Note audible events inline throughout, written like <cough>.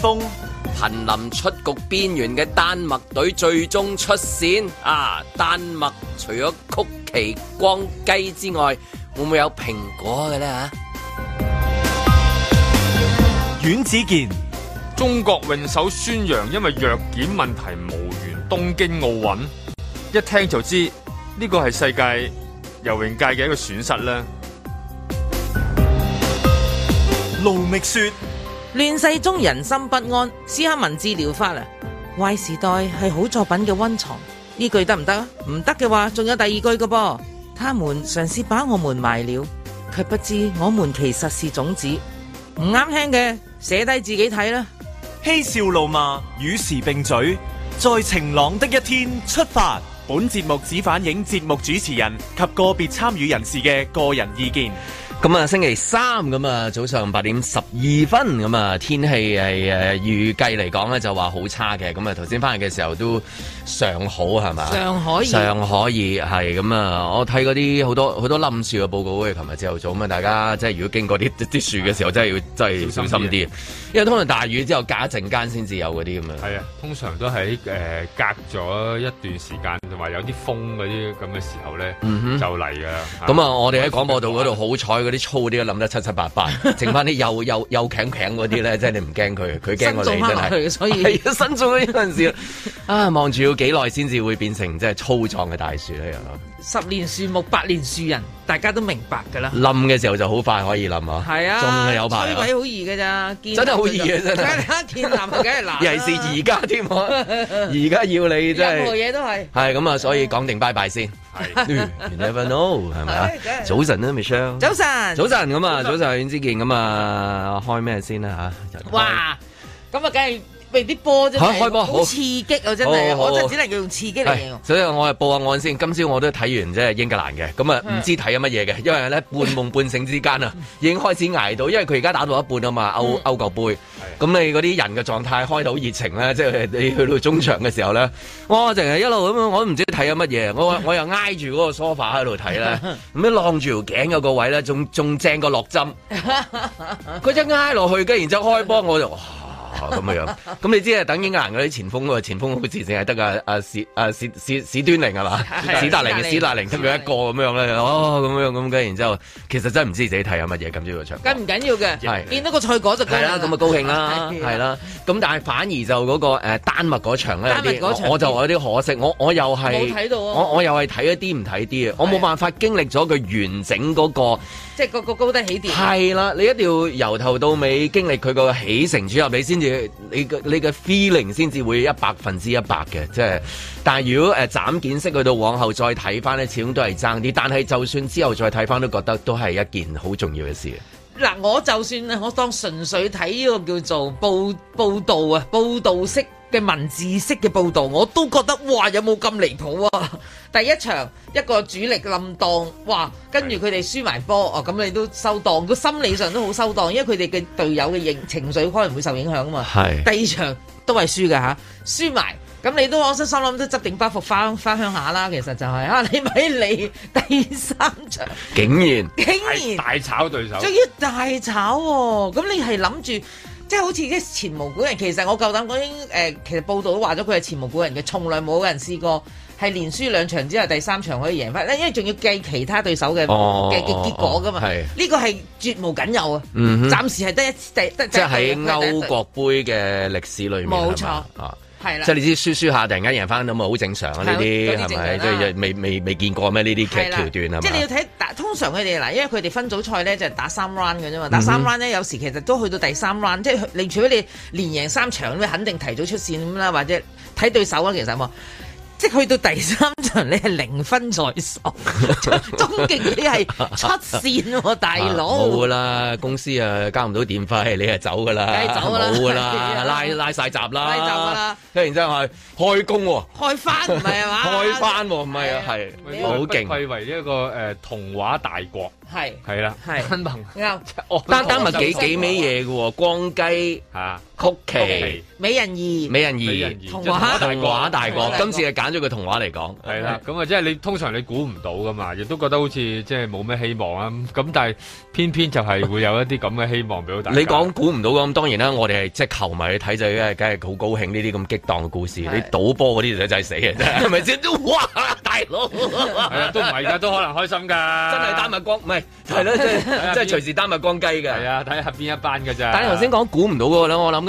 瀕臨出局邊緣嘅丹麥隊最終出線啊！丹麥除咗曲奇、光雞之外，會唔會有蘋果嘅呢？啊？阮子健，中國泳手孫楊因為藥檢問題無緣東京奧運，一聽就知呢個係世界游泳界嘅一個損失咧。盧覓雪。亂世中人心不安，試下文字療法啦。壞時代係好作品嘅溫床，呢句得唔得啊？唔得嘅話，仲有第二句噶噃。他們嘗試把我們埋了，卻不知我們其實是種子。唔啱聽嘅，寫低自己睇啦。嬉笑怒罵，與時並進。在晴朗的一天出發。本節目只反映節目主持人及個別參與人士嘅個人意見。咁啊，星期三咁啊，早上八點十二分咁啊，天氣係誒預計嚟講咧就話好差嘅。咁啊，頭先翻嚟嘅時候都尚好係嘛？尚可以，尚可以係。咁啊，我睇嗰啲好多好多冧樹嘅報告，譬如琴日朝頭早咁啊，大家即係如果經過啲啲樹嘅時候，真係要真係小心啲。因為通常大雨之後隔一陣間先至有嗰啲咁樣。係啊，通常都喺誒隔咗一段時間同埋有啲風嗰啲咁嘅時候咧，嗯哼，就嚟噶。咁啊，我哋喺廣播道嗰度好彩。嗰啲粗啲嘅，諗得七七八八，剩翻啲又又又強強嗰啲咧，即係你唔驚佢，佢驚我哋，真係。所以新種嗰陣時啊，望住要幾耐先至會變成即係粗壯嘅大樹一樣十年樹木，百年樹人，大家都明白噶啦。冧嘅時候就好快可以冧啊。係 <laughs> 啊，仲有排衰鬼好易嘅咋。真係好易嘅，真係。而家建林係梗係難。尤其是而家添，而家要你 <laughs> 真係。任何嘢都係。係咁啊，所以講定拜拜先。係。 <laughs> You never know，係咪啊？早晨啊 Michelle。早晨。早晨咁啊，早晨之健咁啊，開咩先啦、啊、吓，哇！咁啊，梗係未必播啫，好刺激啊！真係我就只能用刺激嚟形容。所以，我係報下案先。今朝我都睇完，即係英格蘭嘅。咁啊，唔知睇乜嘢嘅，因為咧半夢半醒之間啊，已經開始挨到，因為佢而家打到一半啊嘛，歐歐國杯。咁你嗰啲人嘅狀態開到好熱情咧，即係你去到中場嘅時候咧，我淨係一路咁樣，我都唔知睇乜嘢。我我又挨住嗰個 sofa 喺度睇咧，咁樣晾住條頸嘅個位咧，仲仲正過落針。佢一挨落去，跟住然之後開波，我就。咁、 <laughs> 哦、樣，樣、嗯，咁你知啊？等英格蘭嗰啲前鋒咯，前鋒好似淨係得啊，史啊史啊史史史端寧係嘛，史達寧嘅史達寧，跟住一個咁樣咧，哦，咁樣咁嘅，然之後其實真係唔知自己睇下乜嘢咁樣嘅場。梗唔緊要嘅，係見到個賽果就梗啦，咁啊高興啦，係啦。咁但係反而就嗰、那個誒、呃、丹麥嗰場咧，我就有啲可惜，我我又係我我又係睇一啲唔睇啲啊，我冇辦法經歷咗佢完整嗰、那個，即係個個高低起跌。係啦，你一定要由頭到尾經歷佢、嗯、個起承轉合，你先至。你嘅你嘅 feeling 先至會一百分之一百嘅，即係，但係如果誒斬、呃、件式去到往後再睇翻咧，始終都係爭啲。但係就算之後再睇翻，都覺得都係一件好重要嘅事啊。嗱，我就算我當純粹睇呢個叫做報報道啊，報道式。嘅文字式嘅報導，我都覺得哇，有冇咁離譜啊！第一場一個主力冧檔，哇，跟住佢哋輸埋波，哦，咁你都收檔，個心理上都好收檔，因為佢哋嘅隊友嘅形情緒可能會受影響啊嘛。係。第二場都係輸㗎吓，輸埋，咁你都安心心諗都執定包袱返返鄉下啦。其實就係啊，你咪理第三場，竟然竟然大炒對手，仲要大炒喎！咁你係諗住？即係好似啲前無古人，其實我夠膽講誒，其實報道都話咗佢係前無古人嘅，從來冇人試過係連輸兩場之後第三場可以贏翻，因為仲要計其他對手嘅嘅結果噶嘛。呢、哦哦哦呢個係絕無僅有啊！暫、嗯、時係得一次。即係喺歐國杯嘅歷史裏面，冇錯啊，係啦。即係你知輸輸下突然間贏翻咁啊，好正常啊呢啲係咪？即係未未未見過咩呢啲劇段即係、就是、你要睇。通常佢哋嗱，因為佢哋分組賽呢就係打三 round 嘅啫嘛，打三 round 呢，有時其實都去到第三 round，即係你除非你連贏三場咁肯定提早出線咁啦，或者睇對手啊，其實即係去到第三場，你係零分在手，終極你係出線喎，大佬。冇啦，公司啊交唔到電費，你係走噶啦，梗係走，冇啦，拉拉曬閘啦，拉走啦。跟然之後係開工喎，開翻唔係啊嘛，開翻唔係啊，係好勁。貴為一個誒童話大國，係係啦，丹麥啱，丹丹麥幾幾味嘢嘅喎，光雞嚇。曲奇，美人魚，美人魚，童話，大大個，今次係揀咗個童話嚟講，係啦，咁啊，即係你通常你估唔到㗎嘛，亦都覺得好似即係冇咩希望啊。咁但係偏偏就係會有一啲咁嘅希望俾到大家。你講估唔到咁，當然啦，我哋係即係球迷睇就梗係好高興呢啲咁激盪嘅故事。你賭波嗰啲就真係死嘅咋，係咪先？ <laughs> 哇，大佬， <laughs> <laughs> 係啊，都唔係㗎，都可能開心㗎。真係擔物光，唔係，係咯，即係隨時擔物光雞㗎。係啊，睇下邊一班㗎咋？但係頭先講估唔到嗰個，我諗。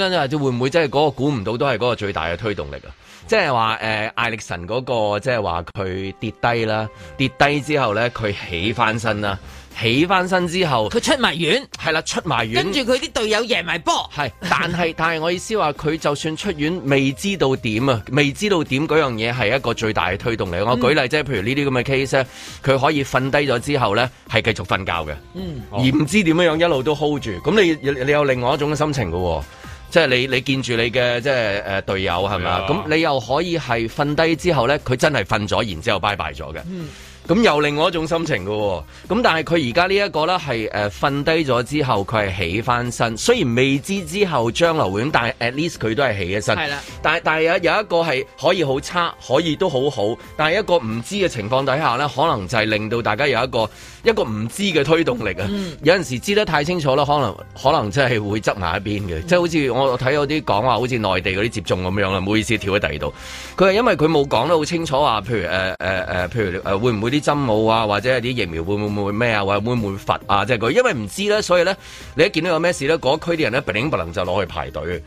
咁會唔會真係嗰個估唔到都係嗰個最大嘅推動力啊？即係話誒，艾力神嗰個即係話佢跌低啦，跌低之後咧佢起翻身啦，起翻身之後佢出埋院係啦，出埋院跟住佢啲隊友贏埋波係，但係但係我意思話佢就算出院未知道點啊，未知道點嗰樣嘢係一個最大嘅推動力。我舉例即係譬如呢啲咁嘅 case 咧，佢可以瞓低咗之後咧係繼續瞓覺嘅，嗯，而唔知點樣樣一路都 hold 住。咁你你有另外一種嘅心情㗎喎。即係你你見住你嘅即係誒隊友係咪？咁你又可以係瞓低之後咧，佢真係瞓咗，然之後拜拜咗嘅。嗯。咁又另外一種心情㗎喎、哦，咁但係佢而家呢一個呢，係誒瞓低咗之後，佢係起翻身。雖然未知之後將來會點，但係 at least 佢都係起咗身。係啦。但係但係有一個係可以好差，可以都好好，但係一個唔知嘅情況底下呢，可能就係令到大家有一個一個唔知嘅推動力啊、嗯。有陣時知得太清楚啦，可能可能真係會執埋一邊嘅。即係好似我睇有啲講話，好似內地嗰啲接種咁樣啦。唔好意思，跳喺第二度。佢係因為佢冇講得好清楚話，譬如誒誒誒，譬如、呃、會唔會？啲針武啊，或者係啲疫苗會唔會會咩啊，或會唔會罰啊，即係佢，因為唔知咧，所以咧，你一見到有咩事咧，嗰區啲人咧，冚唪唥就攞去排隊。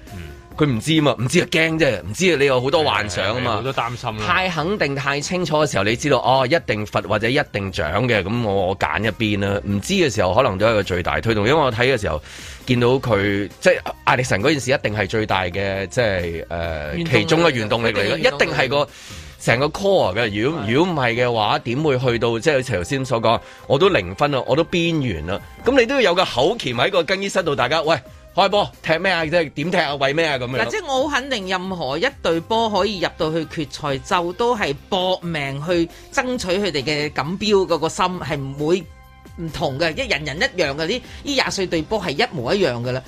佢、嗯、唔知嘛，唔知啊驚啫，唔知你有好多幻想啊嘛，好多擔心、啊、太肯定、太清楚嘅時候，你知道哦，一定罰或者一定獎嘅，咁我我揀一邊啦、啊。唔知嘅時候，可能都係個最大推動，因為我睇嘅時候見到佢，即係艾力神嗰件事一定係最大嘅，即係誒其中嘅原動力嚟，一定係個。成個 core 嘅，如果如果唔係嘅話，點會去到即係頭先所講？我都零分啦，我都邊緣啦。咁你都要有個口鉗喺個更衣室度，大家喂開波踢咩啊？即係點踢啊？為咩啊？咁樣嗱，即係我好肯定，任何一隊波可以入到去決賽，就都係搏命去爭取佢哋嘅錦標嗰個心，係唔會唔同嘅，一人人一樣嘅呢呢廿四隊波係一模一樣嘅啦。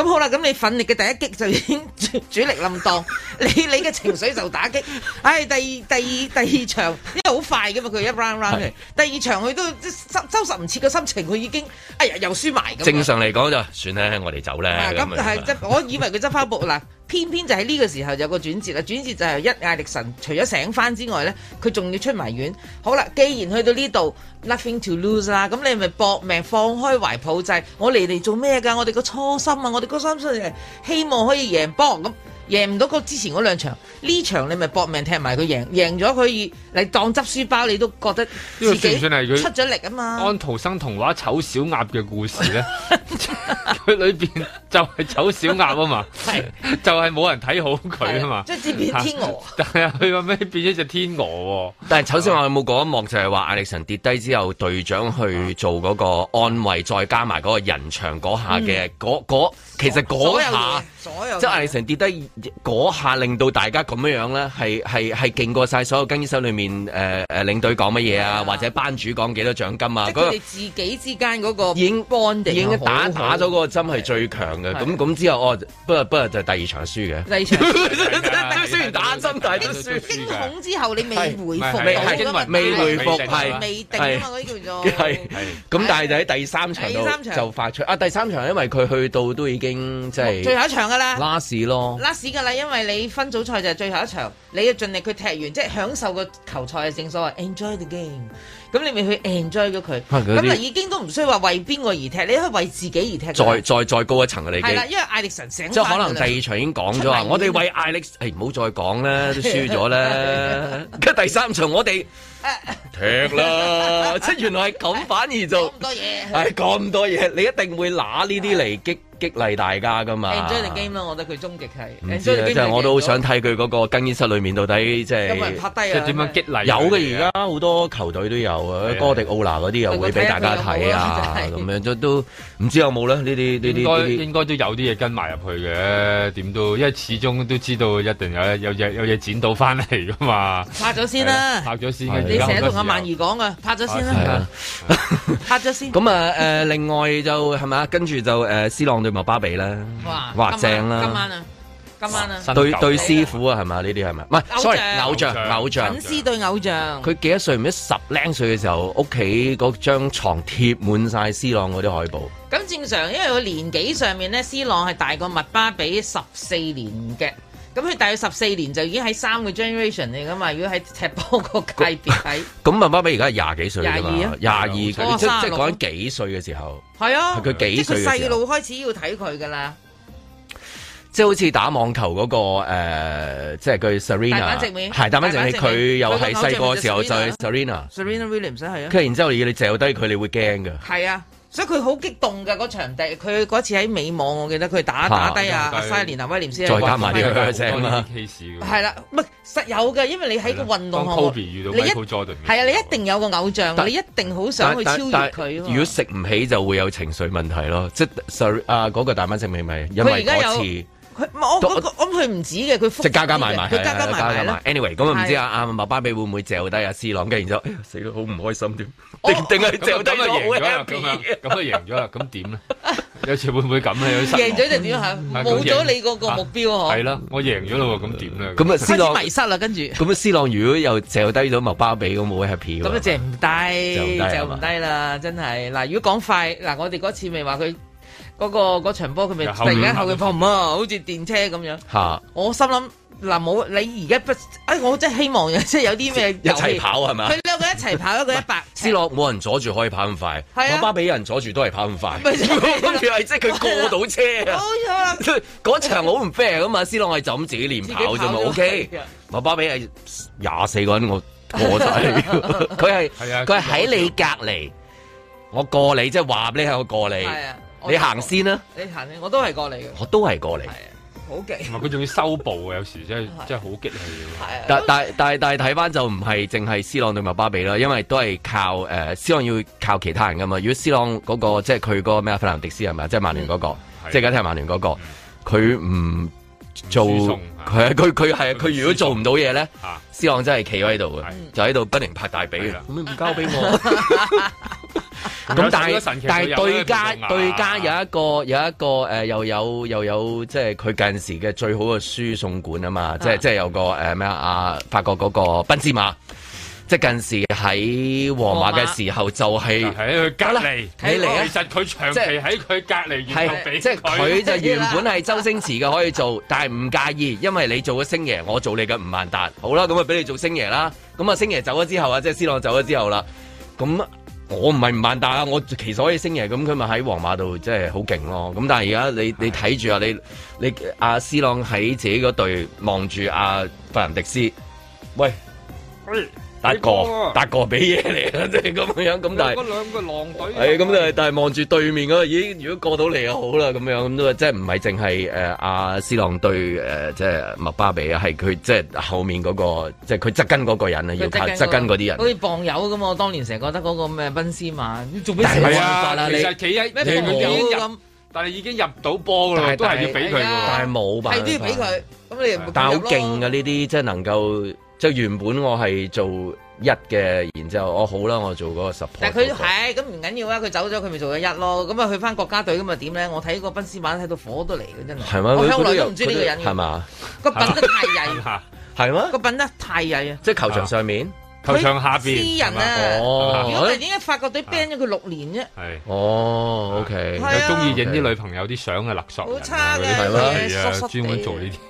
咁好啦，咁你奮力嘅第一擊就已經主力冧檔，你你嘅情緒就打擊。唉，第二第二第二場，因為好快㗎嘛，佢一 round round 嚟。第二場佢都收收拾唔切嘅心情，佢已經哎呀又輸埋。正常嚟講就算啦，我哋走啦。咁就係，即我以為佢執返部啦。偏偏就喺呢個時候有個轉折啦，轉折就係一艾力神除咗醒翻之外呢，佢仲要出埋院。好啦，既然去到呢度，nothing to lose 啦，咁你咪搏命，放開懷抱制。我嚟嚟做咩噶？我哋個初心啊，我哋個心出嚟，希望可以贏波咁。贏唔到嗰之前嗰兩場，呢場你咪搏命踢埋佢贏，贏咗佢你當執書包，你都覺得呢、這個、算唔算係佢出咗力啊嘛！安徒生童話《醜小鴨》嘅故事咧，佢裏邊就係醜小鴨啊嘛， <laughs> <laughs> 就係冇人睇好佢啊嘛，即係、就是、變天鵝。 <laughs> <laughs> 但係佢話咩變咗隻天鵝？但係醜小鴨有冇講一望就係話艾歷臣跌低之後，隊長去做嗰個安慰，再加埋嗰個人牆嗰下嘅嗰嗰。嗯其實嗰下，即係艾力成跌低嗰下，令到大家咁樣樣咧，係係係勁過晒所有更衣室裏面誒誒、呃、領隊講乜嘢啊，或者班主講幾多獎金啊。佢哋、那個、自己之間嗰個已經 bonding，已經打好好打咗個針係最強嘅。咁咁之後哦，不不就是、第二場輸嘅。第二場雖然打針但係都輸。驚恐之後你未回復未回復未定啊嘛啲叫做。係咁但係就喺第三場就發出啊！第三場因為佢去到都已經。即、就、係、是、最後一場噶啦，last 咯，last 噶啦，因為你分組賽就係最後一場，你要盡力去踢完，即、就、係、是、享受個球賽嘅，正所謂 enjoy the game。咁你咪去 enjoy 咗佢，咁啊就已經都唔需要話為邊個而踢，你可以為自己而踢。再再再高一層嚟。係啦，因為艾力神醒翻。即可能第二場已經講咗話，我哋為艾力、哎，誒唔好再講啦，都輸咗啦。咁 <laughs> 第三場我哋 <laughs> 踢啦，即係原來咁，反而就咁 <laughs> 多嘢，咁、哎、多嘢，你一定會拿呢啲嚟激 <laughs> 激勵大家噶嘛。enjoy the game 咯，我覺得佢終極係。啊、我都好想睇佢嗰個更衣室裏面到底即係點樣激勵。有嘅，而家好多球隊都有。哥迪奧納嗰啲又會俾大家睇啊，咁樣都都唔知有冇啦，呢啲呢啲該應該都有啲嘢跟埋入去嘅，點都因為始終都知道一定有有嘢有嘢剪到翻嚟噶嘛。拍咗先啦，拍咗先，你成日同阿曼怡講啊，拍咗先，先啦，拍咗先， <laughs> 先。咁啊，誒、呃，另外就係咪啊？跟住就誒、呃，C 朗對麥巴比啦，哇，哇，正啦。今晚，今晚啊。今晚啊，對對師傅啊，係咪？呢啲係咪？唔係，所以偶像偶像，粉絲對偶像。佢幾多歲？唔係十零歲嘅時候，屋企嗰張牀貼滿曬 C 朗嗰啲海報。咁正常，因為佢年紀上面咧，C 朗係大過麥巴比十四年嘅。咁佢大佢十四年就已經喺三個 generation 嚟噶嘛。如果喺踢波個界別睇，咁麥巴比而家廿幾歲㗎嘛？廿二，廿二，即即講緊幾歲嘅時候？係啊，係佢幾歲嘅時候？即佢細路開始要睇佢㗎啦。即係好似打網球嗰、那個、呃、即係佢 Serena，係大班直面佢又係細個時候就係 Serena，Serena Williams 唔使去啊。佢、嗯 really 啊、然之後你嚼低佢，你會驚㗎。係啊，所以佢好激動㗎嗰場地。佢嗰次喺美網，我記得佢打、啊、打低啊塞爾娜威廉斯係話唔係當 Kiss 嘅。係啦，唔、啊啊、實有嘅，因為你喺個、啊、運動項度，係啊，你一定有個偶像，但你一定好想去超越佢。如果食唔起就會有情緒問題咯。即係啊嗰、那個大班直面咪因為咁佢唔止嘅，佢即加加埋埋，佢加加埋埋。anyway，咁、嗯嗯嗯、啊唔知啊啊麥巴比會唔會掟低阿 C 朗嘅，然之後死得好唔開心點。我定係掟低贏咗，咁咁啊贏咗啦，咁點咧？有時會唔會咁啊？有時贏咗就點啊？冇咗你個目標嗬。係咯，我贏咗啦喎，咁點咧？咁啊 C 朗迷失啦，跟住咁啊 C 朗，如果又掟低咗麥巴比，咁冇 happy 咁啊，掟唔低掟唔低啦，真係嗱。如果講快嗱，我哋嗰次咪話佢。嗰、那個場波佢咪突然間後腳碰啊，好似電車咁樣。嚇！我心諗嗱，冇、啊、你而家不，哎，我真係希望即係有啲咩一齊跑係嘛？佢兩個一齊跑一個一百。C 朗冇人阻住可以跑咁快。係啊。阿巴畀人阻住都係跑咁快。咪住係即係佢過到車啊！冇錯嗰場好唔 fair 嘛？C 朗係就咁自己練跑啫嘛。O、okay, K、啊。我巴畀係廿四個人我過曬。佢係佢係喺你隔離、 <laughs> 就是啊，我過你即係話你喺我過你。 <laughs> 你先行先啦！你行先，我都係過嚟嘅。我都係過嚟，係好勁！同埋佢仲要收布 <laughs> 啊，有時真係真係好激氣、啊啊。但但但係但係睇翻就唔係淨係斯朗對麥巴比啦，因為都係靠誒、呃、斯朗要靠其他人噶嘛。如果斯朗嗰、那個、嗯、即係佢個咩啊，費南迪斯係咪、就是那個嗯？即係曼聯嗰個，即係而家聽曼聯嗰個，佢唔。做係啊，佢佢係佢如果做唔到嘢咧、啊，思朗真係企喺度嘅，就喺度不停拍大髀嘅。咁唔交俾我？咁 <laughs> <laughs> <laughs> 但係但係對家、啊、對家有一個有一個誒、呃、又有又有即係佢近時嘅最好嘅輸送管啊嘛，即係即係有個誒咩啊？阿、呃、法國嗰個賓斯馬。即近時喺皇馬嘅時候就係喺佢隔離，睇嚟，其實佢長期喺佢隔離。係即係佢就是、原本係周星馳嘅可以做， <laughs> 但係唔介意，因為你做咗星爺，我做你嘅吳孟達。好啦，咁啊俾你做星爺啦。咁啊星爺走咗之後啊，即、就、係、是、C 朗走咗之後啦。咁我唔係吳孟達啊，我其實可以星爺，咁佢咪喺皇馬度即係好勁咯。咁、就是、但係而家你你睇住啊，你你阿 C 朗喺自己嗰隊望住阿費南迪斯。喂喂。哎達哥，達哥俾嘢嚟啦，即係咁樣樣。咁但係兩個，個狼隊係咁，但係但望住對面嗰已咦？如果過到嚟就好啦，咁樣咁都即係唔係淨係誒阿斯朗對誒、呃、即係麥巴比啊，係佢即係後面嗰、那個，即係佢側跟嗰個人啊，要靠側跟嗰啲人。好似傍友咁我當年成日覺得嗰個咩賓斯馬，你做咩成日咁發啊？你其實企喺咩位置咁？但係、啊啊、已，已經入到波啦，都係要俾佢，但係冇吧？係都要俾佢。咁你但係好勁啊！呢啲、啊、即係能夠。就原本我係做一嘅，然之後我、哦、好啦，我做嗰個十。但佢係咁唔緊要啦，佢走咗佢咪做咗一咯。咁啊去返國家隊咁咪點咧？我睇個賓士馬睇到火都嚟嘅，真係。我聽好都唔知呢個人。係嘛？個品得太曳，係 <laughs> 咩？個品得太曳，啊！ <laughs> <laughs> 即係球場上面，啊、球場下邊。啲人啊！我哋點解法國隊 ban 咗佢六年啫？係哦 okay、啊啊，OK。又中意影啲女朋友啲相嘅垃圾。好差嘅係咯，係、啊、專門做呢啲。 <laughs>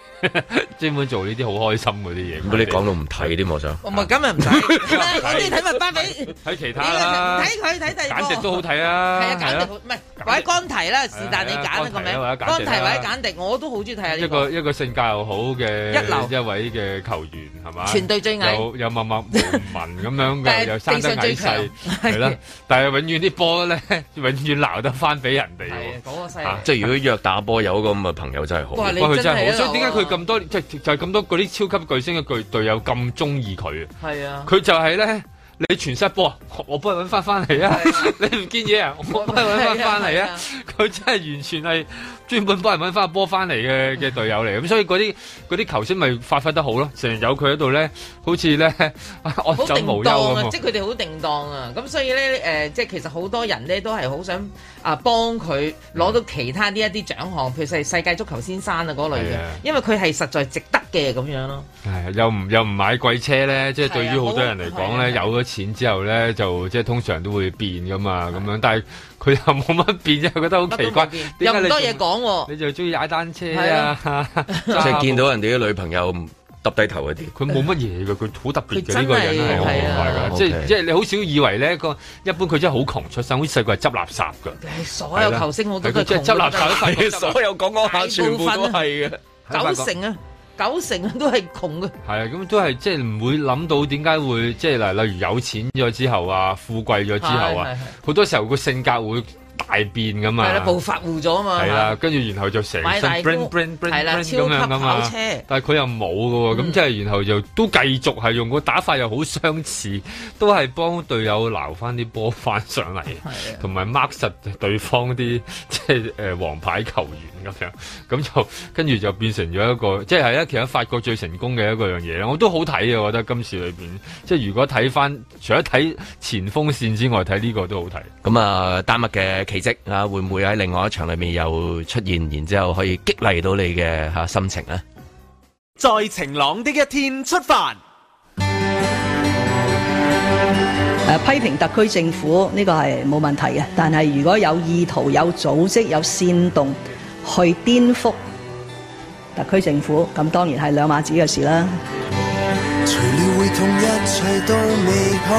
專門做呢啲好開心嗰啲嘢，如果你講到唔睇啲我想。我咪今日唔睇，我中意睇麥巴比。睇其他啦，睇佢睇第。簡迪都好睇啊。係啊，簡迪好，唔係，或者岡提啦，是但你揀啦個名。岡提或者簡迪，我都好中意睇啊。一個一個性格又好嘅，一流一位嘅球員係嘛？全隊最矮，又又默默無聞咁樣嘅，又生得矮細，係啦。但係永遠啲波咧，永遠鬧得翻俾人哋。講個細，即係如果約打波有一個咁嘅朋友真係好，哇佢真係好，所以點解佢？咁多即係就咁、係、多嗰啲超級巨星嘅隊隊友咁中意佢，係啊，佢就係咧，你傳失波，我幫你揾翻翻嚟啊！啊 <laughs> 你唔見嘢啊？我幫你揾翻翻嚟啊！佢、啊啊啊、真係完全係。專門幫人揾翻個波翻嚟嘅嘅隊友嚟，咁所以嗰啲嗰啲球星咪發揮得好咯。成日有佢喺度咧，好似咧、啊、我好定當啊！即係佢哋好定當啊！咁所以咧誒、呃，即係其實好多人咧都係好想啊幫佢攞到其他呢一啲獎項，譬如世界足球先生的啊嗰類嘅，因為佢係實在值得嘅咁樣咯。又唔又唔買貴車咧，即、就、係、是、對於好多人嚟講咧，有咗錢之後咧，就即係通常都會變噶嘛咁、啊、樣。但係佢又冇乜變，即係覺得好奇怪，有多嘢講。你就中意踩單車啊？即係、啊、 <laughs> 見到人哋啲女朋友揼低頭嗰啲，佢冇乜嘢嘅，佢好特別嘅呢個人係，即係即係你好少以為咧，個一般佢真係好窮出身，好似細個係執垃圾嘅。所有球星我都係即係執垃圾，啊、所有講講下全部都係嘅，九成啊，九成都係窮嘅。係啊，咁都係即係唔會諗到點解會即係嗱，例如有錢咗之後啊，富貴咗之後啊，好多時候個性格會。大變咁啊！係啦，暴發戶咗啊嘛！係啊，跟住然後就成身，買大超級跑車，但係佢又冇嘅，咁即係然後就都繼續係用個打法又好相似，都係幫隊友攞翻啲波翻上嚟，同埋 mark 實對方啲即係誒王牌球員。咁就跟住就變成咗一個，即係其實法國最成功嘅一個樣嘢。我都好睇啊，我覺得今次裏邊，即係如果睇翻，除咗睇前鋒線之外，睇呢個都好睇。咁啊，丹麥嘅奇迹啊，會唔會喺另外一場裏面又出現？然之後可以激勵到你嘅吓心情呢。在晴朗的一天出發、啊。誒，批評特區政府呢個係冇問題嘅，但係如果有意圖、有組織、有煽動。去顛覆特區政府，咁當然係兩碼子嘅事啦。除了會痛，一切都未好；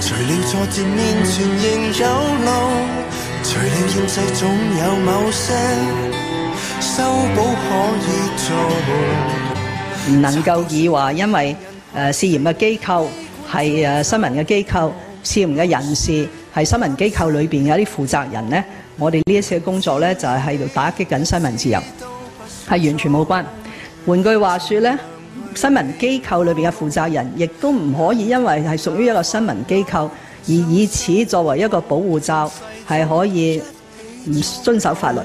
除了挫折，面前仍有路；除了厭世，總有某些修補可以做。唔能夠以話，因為誒，涉嫌嘅機構係誒、啊，新聞嘅機構，涉嫌嘅人士係新聞機構裏邊嘅一啲負責人咧。我哋呢一次嘅工作呢，就係喺度打擊緊新聞自由，係完全冇關。換句話說呢，新聞機構裏邊嘅負責人，亦都唔可以因為係屬於一個新聞機構，而以此作為一個保護罩，係可以唔遵守法律。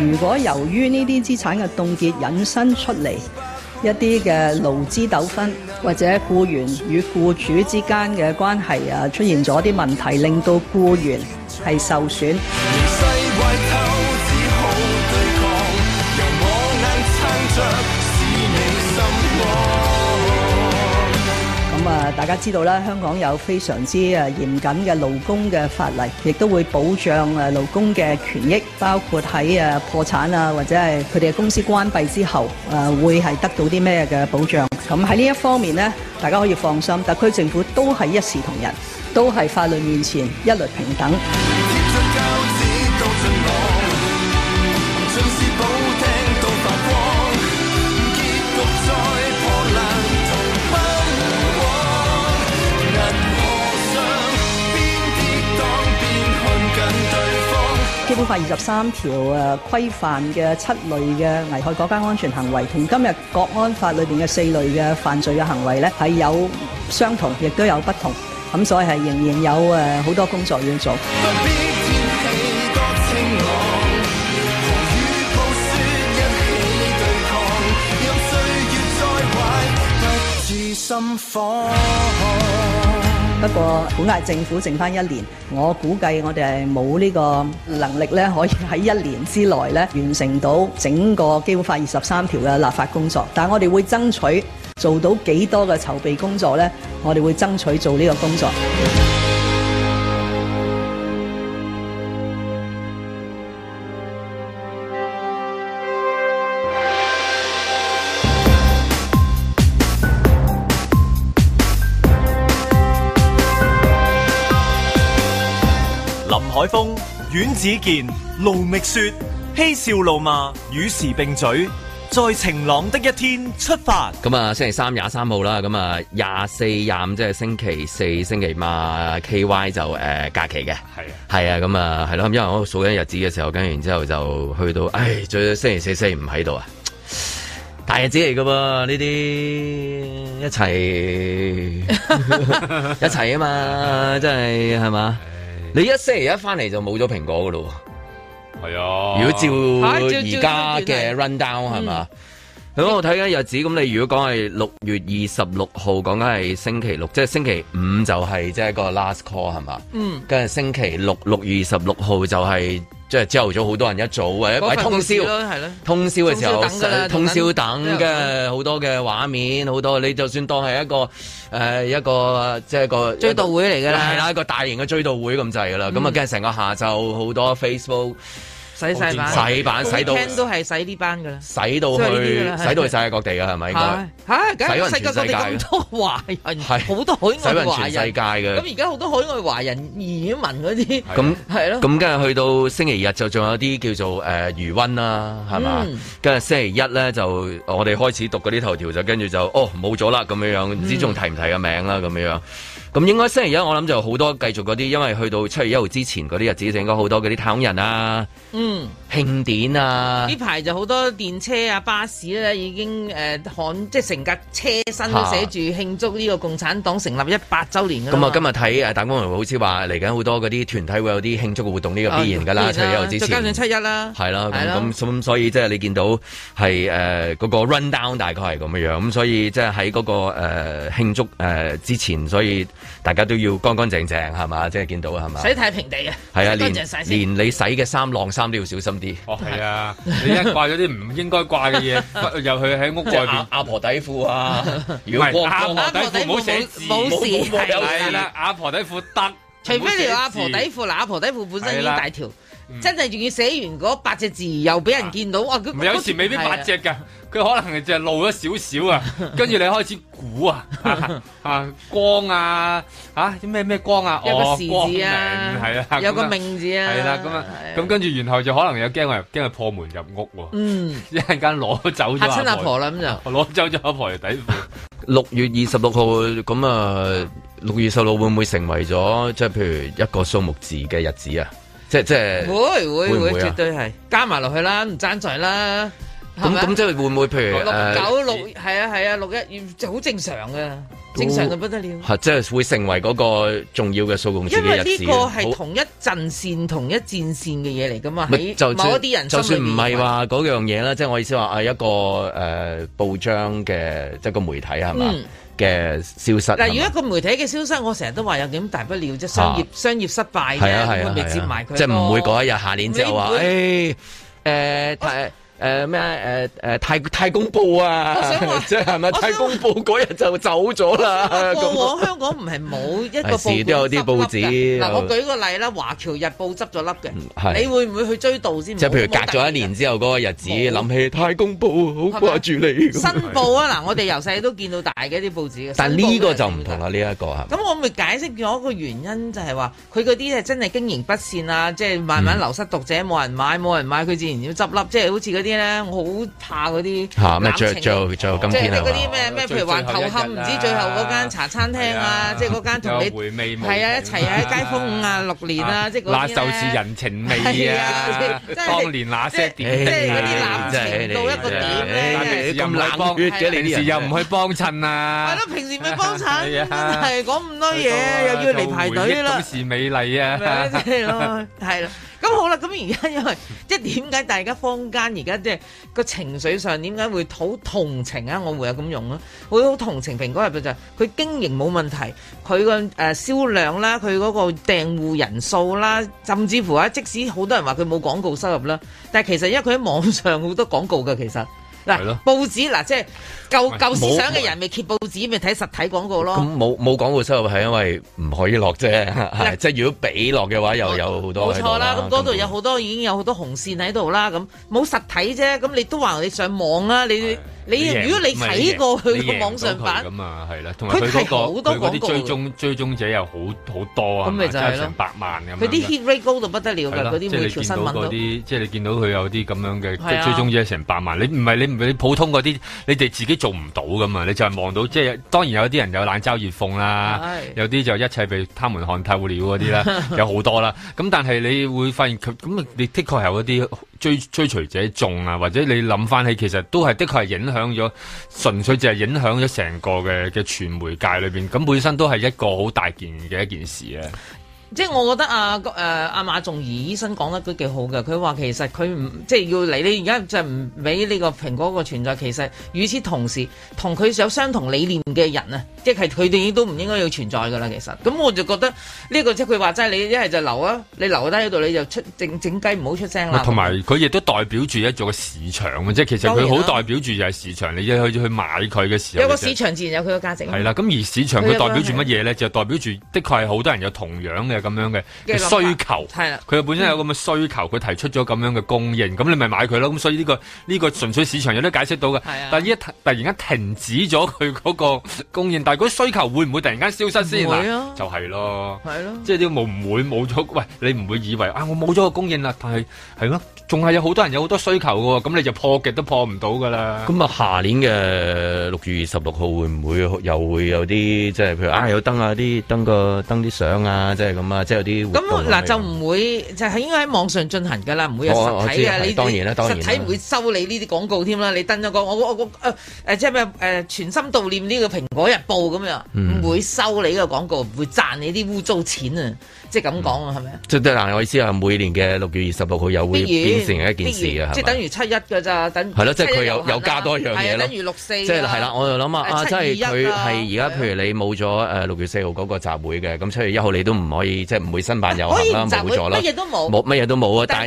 如果由於呢啲資產嘅凍結引申出嚟。一啲嘅勞資糾紛，或者僱員與僱主之間嘅關係啊，出現咗啲問題，令到僱員係受損。咁啊，大家知道啦，香港有非常之啊嚴謹嘅勞工嘅法例，亦都會保障誒勞工嘅權益，包括喺誒破產啊或者係佢哋嘅公司關閉之後，誒會係得到啲咩嘅保障？咁喺呢一方面呢，大家可以放心，特區政府都係一視同仁，都係法律面前一律平等。《基本法》二十三條誒，規範嘅七類嘅危害國家安全行為，同今日《國安法》裏邊嘅四類嘅犯罪嘅行為呢，係有相同，亦都有不同。咁所以係仍然有誒好多工作要做。不過，本屆政府剩翻一年，我估計我哋冇呢個能力呢可以喺一年之內完成到整個《基本法》二十三條嘅立法工作。但我哋會爭取做到幾多嘅籌備工作呢？我哋會爭取做呢個工作。阮子健，盧覓雪，嬉笑怒罵與時並嘴，在晴朗的一天出發。咁啊，星期三廿三號啦，咁啊廿四廿五即係星期四、星期五，K Y 就誒、呃、假期嘅。係啊，係啊，咁啊係咯，因為我數緊日子嘅時候，跟住然之後就去到，唉，最最星期四四唔喺度啊，大日子嚟噶噃呢啲，一齊 <laughs> <laughs> 一齊啊嘛，真係係嘛。是你一星期一翻嚟就冇咗蘋果噶咯喎，係啊！如果照而家嘅 run down 係嘛，咁、嗯、我睇緊日子咁，你如果講係六月二十六號講緊係星期六，即係星期五就係即係一個 last call 係嘛，嗯，跟住星期六六月二十六號就係。即係朝頭早好多人一早，或者通宵，通宵嘅時候，通宵等嘅好多嘅畫面，好多你就算當係一個誒、呃、一個即係個追悼會嚟㗎啦，係啦，一個大型嘅追悼會咁滯㗎啦，咁啊跟住成個下晝好多 Facebook。洗曬洗版，洗到都係洗呢班噶啦，洗到去，洗，洗到去洗到去世界各地噶係咪？應該嚇，咁世界各地咁多華人，好多海外華人，洗遍全世界嘅。咁而家好多海外華人移民嗰啲，咁係咯。咁跟住去到星期日就仲有啲叫做誒餘温啦，係嘛？跟住、嗯嗯、星期一咧就我哋開始讀嗰啲頭條，就跟住就哦冇咗啦咁樣樣，唔知仲提唔提個名啦咁樣樣。咁應該星期一我諗就好多繼續嗰啲，因為去到七月一號之前嗰啲日子，應該好多嗰啲太空人啊，嗯，慶典啊，呢排就好多電車啊、巴士咧、啊，已經誒看、呃、即係成架車身都寫住慶祝呢個共產黨成立一百週年噶咁啊，嗯、今日睇啊，探工人好似話嚟緊好多嗰啲團體會有啲慶祝嘅活動，呢、呢個必然噶啦。七月一號之前，再加上七一啦，係啦、啊，咁咁、啊啊、所以即係你見到係誒嗰個 run down 大概係咁樣樣，咁所以即係喺嗰個、呃、慶祝、呃、之前，所以。大家都要乾乾淨淨係嘛，即係見到係嘛？洗太平地啊係啊，係啊，連連你洗嘅衫、晾衫都要小心啲。哦，係啊，係啊 <laughs> 你一掛咗啲唔應該掛嘅嘢， <laughs> 又去喺屋外邊、就係啊，阿婆底褲啊，唔 <laughs> 阿、啊啊、婆底褲，唔好寫字，冇事係啦。阿婆底褲得，除非條阿婆底褲，嗱，阿婆底褲本身已經大條。嗯、真係仲要寫完嗰八隻字，又俾人見到，哇、啊！有、啊、時未必八隻噶，佢可能只係露咗少少啊。跟 <laughs> 住你開始估啊， <laughs> 啊，啊，啊光啊，吓咩咩光啊，有個時字啊，係、哦、啊，有個名字啊，係啦，咁啊，咁跟住然後就可能有驚話驚話破門入屋喎。嗯，一陣間攞走咗阿婆啦，咁、啊、就攞走咗阿婆嚟底褲。六 <laughs> 月二十六號咁啊，六月十六會唔會成為咗即係譬如一個數目字嘅日子啊？即即會會會、啊、是是即會會會絕對係加埋落去啦，唔爭在啦。咁咁即會唔會譬如六九六係啊係啊六一就好正常嘅，正常到不得了。係即會成為嗰個重要嘅掃共主嘅日子，因為呢個係同一陣線、同一戰線嘅嘢嚟噶嘛，就某啲人心裏面就算唔係話嗰樣嘢啦，即我意思話啊一個誒、呃、報章嘅即個媒體係嘛。嘅消失嗱，如果一個媒體嘅消失，我成日都話有點大不了即、啊、商業商業失敗啫，會、啊啊啊啊啊、接埋佢，即係唔會嗰一日，下年之後就話誒誒太。誒咩誒誒太太公報啊！即係係咪太公報嗰日就走咗啦？過往香港唔係冇一個報紙都有啲報紙嗱，我舉個例啦，《華僑日報》執咗笠嘅，你會唔會去追悼先？即係譬如隔咗一年之後嗰個日子，諗起太公報，好掛住你是是。新報啊！嗱、 <laughs> 啊，我哋由細都見到大嘅啲報紙嘅，但呢個就唔同啦。呢一個啊，咁我咪解釋咗一個原因，就係話佢嗰啲係真係經營不善啊，即係慢慢流失讀者，冇、嗯、人買，冇人買，佢自然要執笠，即係好似嗰啲。咧，我好怕嗰啲，即係啲嗰啲咩咩，譬如話投洽，唔知最後嗰間茶餐廳啊，即係嗰間同你回味係啊一齊啊喺街坊五啊六年啊，即係嗰啲咧。就係人情味啊，即係當年那些點，即係嗰啲冷情到一個點咧，咁冷血，平時又唔去幫襯啊。係咯，平時咪幫襯，係講咁多嘢，又要嚟排隊啦，是美麗啊，係咯，係咯。咁好啦，咁而家因為即係點解大家坊間而家即係個情緒上點解會好同情啊？我會有咁用咯，會好同情蘋果入邊就係、是、佢經營冇問題，佢個誒銷量啦，佢嗰個訂戶人數啦，甚至乎啊，即使好多人話佢冇廣告收入啦，但係其實因為佢喺網上好多廣告噶，其實。嗱，報紙嗱，即係舊舊思想嘅人咪揭報紙，咪睇實體廣告咯。咁冇冇廣告收入係因為唔可以落啫，即係如果俾落嘅話，又有好多。冇錯啦，咁嗰度有好多已經有好多紅線喺度啦，咁冇實體啫，咁你都話你上網啦、啊，你。你，你如果你睇過佢個網上版，咁啊係啦，同埋佢睇好多個。佢啲追蹤追蹤者又好好多啊，咁就係成百萬咁。佢啲 hit rate 高到不得了㗎，嗰啲每條新聞度，即係你見到佢有啲咁樣嘅追蹤者成百萬，你唔係你唔係你普通嗰啲，你哋自己做唔到㗎嘛？你就係望到，即係當然有啲人有冷嘲熱諷啦，有啲就一切被他們看透了嗰啲啦， <laughs> 有好多啦。咁但係你會發現佢，咁你你的確係有啲。追追隨者眾啊，或者你諗翻起，其實都係的確係影響咗，純粹就係影響咗成個嘅嘅傳媒界裏面。咁本身都係一個好大件嘅一件事。即係我覺得啊，誒、啊、阿馬仲儀醫生講得都幾好嘅。佢話其實佢唔即係要嚟，你而家就唔俾呢個蘋果個存在。其實與此同時，同佢有相同理念嘅人啊，即係佢哋都唔應該要存在㗎啦。其實咁我就覺得呢、呢個即係佢話齋係你一係就留啊你留低喺度你就出靜靜雞，唔好出聲啦。同埋佢亦都代表住一個市場嘅，即係其實佢好代表住就係市場，你一去去買佢嘅時候，就係，有、個市場自然有佢嘅價值。係啦，咁而市場佢代表住乜嘢咧？就代表住的確係好多人有同樣嘅。咁樣嘅需求，係啦，佢本身有咁嘅需求，佢提出咗咁樣嘅供應，咁你咪買佢咯。咁所以呢個呢個純粹市場有得解釋到嘅。係啊，但係一突然間停止咗佢嗰個供應，但係嗰需求會唔會突然間消失先？會啊，就係、是、咯，係咯，即係啲冇唔會冇咗。喂，你唔會以為啊，我冇咗個供應啦？但係係咯，仲係有好多人有好多需求噶。咁你就破極都破唔到噶啦。咁啊，下年嘅六月十六號會唔會又會有啲即係譬如啊有登啊啲登個登啲相啊，即係咁。有即係有啲咁嗱，就唔會就係應該喺網上進行㗎啦，唔會有實體啊呢啲。當然啦，當然實體唔會收你呢啲廣告添啦。你登咗個我我我即係咩誒？全心悼念呢、呢個《蘋果日報》咁樣，唔、嗯、會收你個廣告，唔會賺你啲污糟錢啊！即係咁講啊，係、嗯、咪？即係嗱，我意思係每年嘅六月二十六號，佢又會變成一件事嘅，即係等於七一嘅咋？等係咯，即係佢有有，有加多一樣嘢等於六四、啊。即係係啦，我就諗啊即係佢係而家，譬如你冇咗誒六月四號嗰個集會嘅，咁七月一號你都唔可以。即係唔會新版有啦，冇咗啦。乜嘢都冇，乜嘢都冇啊！但係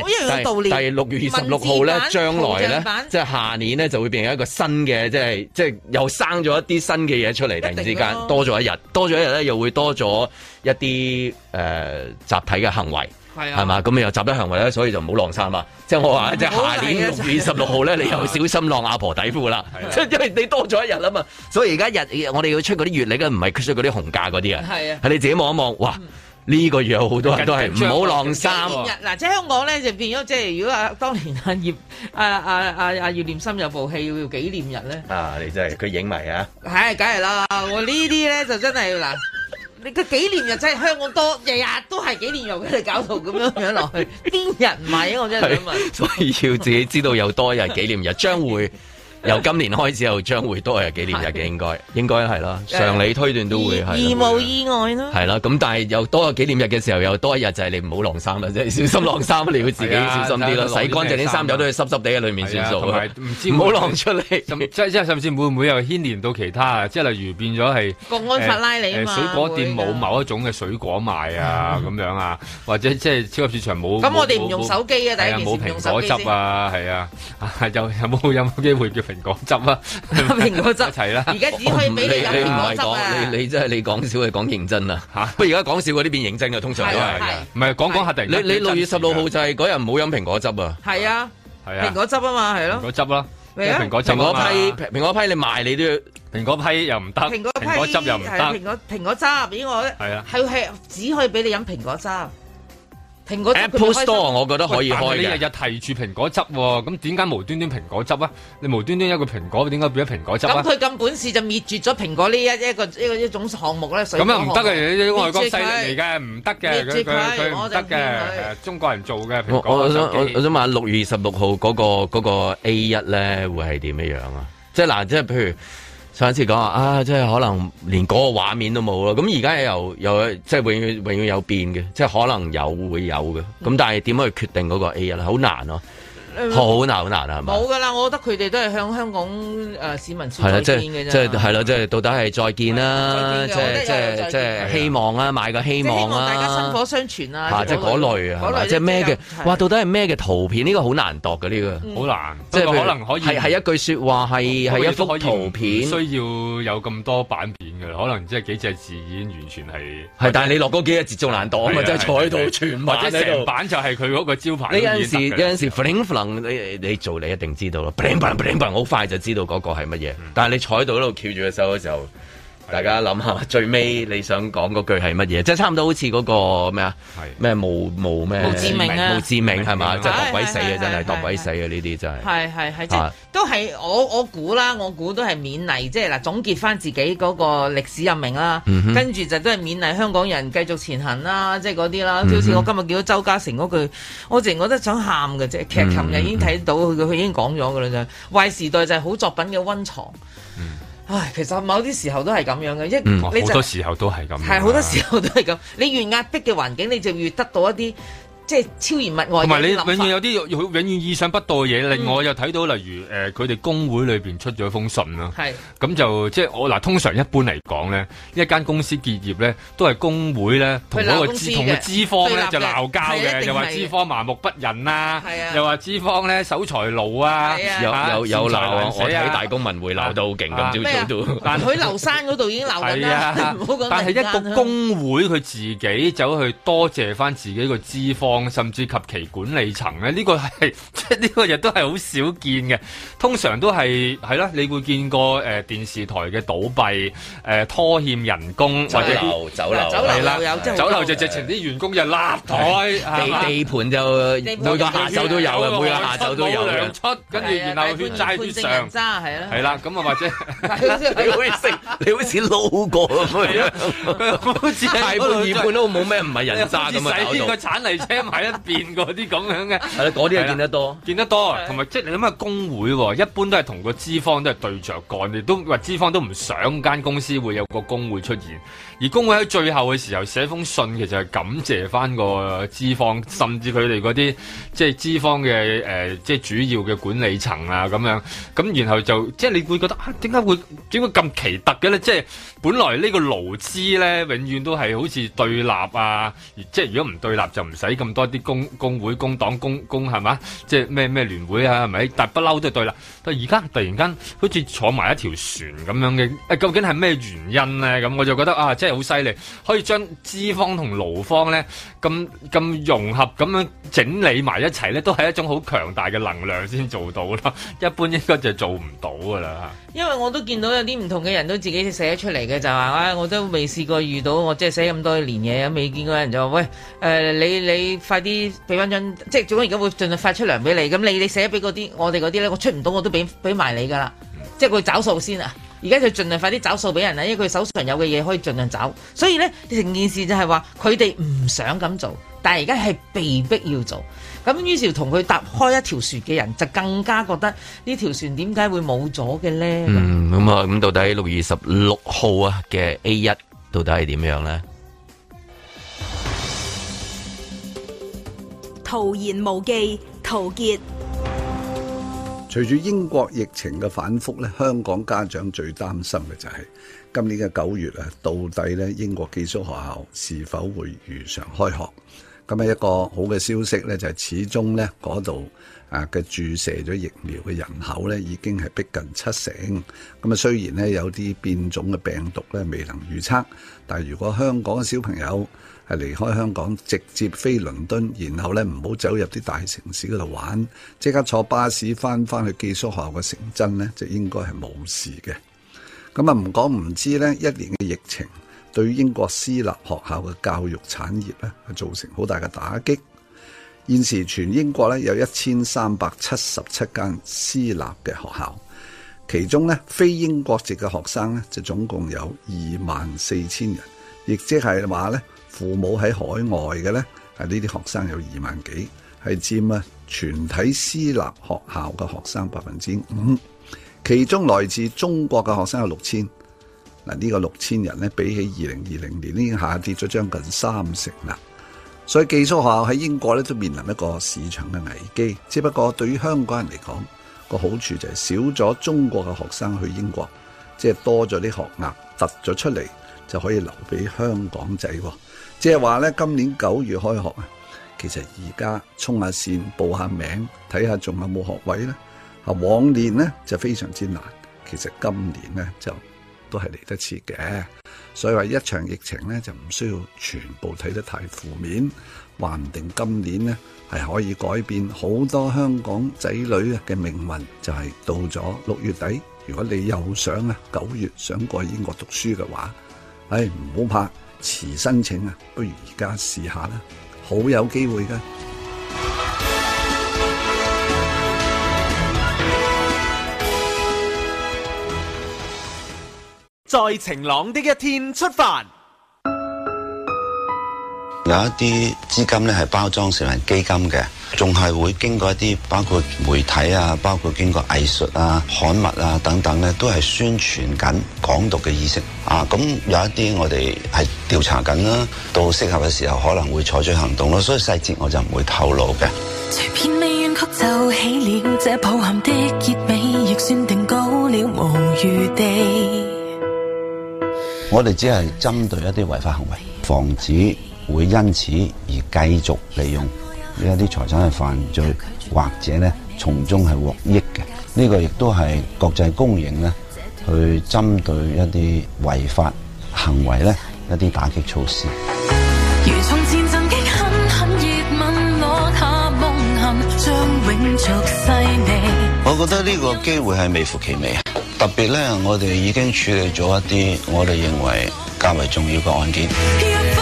但係六月二十六號咧，將來咧，即係下年咧，就會變成一個新嘅，即係即係又生咗一啲新嘅嘢出嚟。突然之間多咗一日，多咗一日咧，又會多咗一啲誒、呃、集體嘅行為，係嘛、啊？咁又集體行為咧，所以就唔好晾衫啊。即係我話，即係下年六月二十六號咧，你又小心晾阿婆底褲啦、啊。即係因為你多咗一日啊嘛，所以而家日我哋要出嗰啲月曆，唔係出嗰啲紅價嗰啲啊。係啊，係你自己望一望，哇！嗯呢個月有好多人都係唔好晾衫喎。嗱，即係香港咧就變咗，即係如果話當年阿葉阿阿阿阿葉念琛有部戲叫紀念日咧。啊！你真係佢影迷啊！係，梗係啦。我呢啲咧就真係嗱，你個紀念日真係香港多，日日都係紀念日，佢哋搞到咁樣樣落去，邊日唔係，我真係想問。所以要自己知道有多日紀念日將會。由今年開始又將會多一日紀念日嘅、嗯，應該應該係啦，常、嗯、理推斷都會係。意無意外咯。係啦，咁但係又多個紀念日嘅時候又多一日就，就係你唔好晾衫啦，即係小心晾衫，你要自己小心啲啦， <laughs> 洗乾淨啲衫就都係濕濕地喺裏面算數啊。唔好晾出嚟。即即係，甚至會唔會又牽連到其他啊？即係例如變咗係國安法拉利、欸、水果店冇某一種嘅水果賣啊，咁、嗯、樣啊，或者即係超級市場冇。咁、嗯、我哋唔用手機啊，第一唔用冇蘋果汁啊，係啊，係有冇有冇機會果汁啊！蘋果汁一齊啦，而家只可以俾你飲蘋果汁啦。你你真係你講笑，係講認真啊吓？不過而家講笑，呢啲變認真啊，通常都係啊。唔係講講吓定。你你六月十六號就係嗰日唔好飲蘋果汁啊！係啊，係啊，蘋果汁啊嘛，係咯。蘋果汁啦，咩啊？蘋果批蘋果批，你賣你都要蘋果批又唔得，蘋果汁又唔得。蘋果蘋果汁俾我，係啊，係係只可以俾你飲蘋果汁。蘋果 Store 我覺得可以開嘅，但係你日日提住蘋果汁，咁點解無端端蘋果汁啊？你無端端一個蘋果，點解變咗蘋果汁啊？咁佢咁本事就滅絕咗蘋果呢一一個一個一種項目咧，所以咁啊唔得嘅，外國勢力嚟嘅唔得嘅，佢佢佢唔得嘅，誒中國人做嘅。我我我我想問六月十六號嗰個嗰個 A 一咧會係點樣啊？即係嗱，即係譬如。上一次講話啊，即係可能連嗰個畫面都冇咯。咁而家又又即係永遠永遠有變嘅，即係可能有會有嘅。咁但係點去決定嗰個 A 一咧？好難哦、啊。好、嗯、難好難啊！冇噶啦，我覺得佢哋都係向香港誒、呃、市民傳遞即係係咯，即係、即係即係、到底係再見啦，即係即係即係希望啊，買個希望啊，大家薪火相傳啊，即係嗰類啊，嗰類即係咩嘅？哇，到底係咩嘅圖片？呢、呢個好難度嘅呢個，好、嗯、難。即係可能可以係一句説話，係係一幅圖片，需要有咁多版片嘅。可能即係幾隻字已經完全係，但係你落嗰幾隻字仲難度，我咪就坐喺度或者成版就係佢嗰個招牌、嗯。有陣時有陣時，有時嗯、你你做你一定知道咯，嘣嘣嘣嘣，好快就知道嗰個係乜嘢。但係你坐喺度度翹住個手嘅時候。大家諗下，最尾你想講嗰句係乜嘢？即係差唔多好似嗰個咩啊？咩無冇咩無知名無知名係嘛？即係當鬼死呀，真係當、哎、鬼死、哎、呀。呢啲真係係係係即都係我我估啦，我估都係勉勵，即係嗱總結翻自己嗰個歷史任命啦、嗯。跟住就都係勉勵香港人繼續前行啦，即係嗰啲啦。好、嗯、似我今日見到周家成嗰句，我直情覺得想喊嘅啫。劇琴日已經睇到佢佢、嗯、已經講咗嘅啦，就係、壞時代就係好作品嘅溫床。唉，其實某啲時候都係咁樣嘅，一、嗯、你、就係、好多時候都係咁，係好多時候都係咁，你越壓迫嘅環境，你就越得到一啲。即係超然物外，同埋你永遠有啲永遠遠意想不到嘅嘢，令、嗯、我又睇到，例如誒佢哋工會裏邊出咗一封信啦，係咁就即係我嗱，通常一般嚟講咧，一間公司結業咧，都係工會咧同嗰個資同個資方咧就鬧交嘅，又話資方麻木不仁啊，啊，又話資方咧守財奴啊，啊，啊，有有有鬧，我睇大公文匯鬧到好勁咁，朝、啊、早都、啊 <laughs> 啊啊， <laughs> 但許留山嗰度已經鬧緊，但係一個工會佢自己走去多謝翻自己個資方。甚至及其管理層咧，呢、這個係即係呢個亦都係好少見嘅。通常都係係啦，你會見過誒、呃、電視台嘅倒閉，誒、呃、拖欠人工，樓或樓、酒樓酒樓，酒樓就直情啲員工就立台，地盤盤就，盤就每個下晝都有，每個下晝都有。個個都有出，跟住然後判判人渣係啦，係啦，咁啊或者你好似像 <laughs> 你可以先撈過， <laughs> 好似大半二半都冇咩唔係人渣咁車喺一邊嗰啲咁樣嘅，係 <laughs> 啦，嗰啲啊見得多，啊，見得多，同埋即係你諗下工會，一般都係同個資方，都係對着幹，你都話，資方都唔想間公司會有個工會出現。而工會喺最後嘅時候寫封信，其實係感謝翻個資方，甚至佢哋嗰啲即係資方嘅誒，即、呃、係、就是、主要嘅管理層啊咁樣。咁然後就即係、就是、你會覺得啊，點解會點解咁奇特嘅咧？即、就、係、是、本來個勞資呢個勞資咧，永遠都係好似對立啊，即、就、係、是、如果唔對立就唔使咁。多啲工工會、工黨、工工係嘛？即係咩咩聯會啊？係咪？但不嬲都對啦。但而家突然間好似坐埋一條船咁樣嘅，究竟係咩原因咧？咁我就覺得啊，真係好犀利，可以將資方同勞方咧咁咁融合咁樣整理埋一齊咧，都係一種好強大嘅能量先做到啦。一般應該就做唔到噶啦。因為我都見到有啲唔同嘅人都自己寫出嚟嘅，就話啊，我都未試過遇到我即係寫咁多年嘢，未見過人就話喂誒你、呃、你。你快啲俾翻張，即係總而家會盡量發出糧俾你。咁你你寫俾嗰啲我哋嗰啲咧，我出唔到我都俾俾埋你噶啦。即係佢找數先啊！而家就盡量快啲找數俾人啦，因為佢手上有嘅嘢可以盡量找。所以咧，成件事就係話佢哋唔想咁做，但係而家係被逼要做。咁於是同佢搭開一條船嘅人，就更加覺得呢條船點解會冇咗嘅咧？嗯，咁啊，咁到底六月二十六號啊嘅 A 一到底係點樣咧？徒言無忌，陶傑。隨住英國疫情嘅反覆咧，香港家長最擔心嘅就係今年嘅九月啊，到底咧英國寄宿學校是否會如常開學？咁啊，一個好嘅消息咧就係始終咧嗰度啊嘅注射咗疫苗嘅人口咧已經係逼近七成。咁啊，雖然咧有啲變種嘅病毒咧未能預測，但係如果香港嘅小朋友係離開香港，直接飛倫敦，然後咧唔好走入啲大城市嗰度玩，即刻坐巴士翻翻去寄宿學校嘅城鎮呢，就應該係冇事嘅。咁啊，唔講唔知呢一年嘅疫情對英國私立學校嘅教育產業呢，係造成好大嘅打擊。現時全英國咧有一千三百七十七間私立嘅學校，其中呢非英國籍嘅學生呢，就總共有二萬四千人，亦即係話呢，父母喺海外嘅呢，係呢啲學生有二萬幾，係佔啊全體私立學校嘅學生百分之五，其中來自中國嘅學生有六千。嗱呢個六千人呢，比起二零二零年呢下跌咗將近三成啦。所以寄宿學校喺英國呢都面臨一個市場嘅危機，只不過對於香港人嚟講，個好處就係少咗中國嘅學生去英國，即係多咗啲學額突咗出嚟就可以留俾香港仔。即係話咧，今年九月開學啊，其實而家衝下綫報下名，睇下仲有冇學位咧？啊，往年咧就非常之難，其實今年咧就都係嚟得切嘅。所以話一場疫情咧，就唔需要全部睇得太負面，話唔定今年咧係可以改變好多香港仔女嘅命運。就係、是、到咗六月底，如果你又想啊九月想過去英國讀書嘅話，唉，唔好怕。遲申請啊，不如而家試下啦，好有機會㗎。在晴朗的一天出發。有一啲資金咧係包裝成基金嘅，仲係會經過一啲包括媒體啊，包括經過藝術啊、刊物啊等等咧，都係宣傳緊港獨嘅意識啊。咁有一啲我哋係調查緊啦，到適合嘅時候可能會採取行動咯。所以細節我就唔會透露嘅。我哋只係針對一啲違法行為，防止。會因此而繼續利用一啲財產嘅犯罪，或者咧從中係獲益嘅。呢、這個亦都係國際公認咧，去針對一啲違法行為咧一啲打擊措施。我覺得呢個機會係微乎其微啊！特別咧，我哋已經處理咗一啲我哋認為較為重要嘅案件。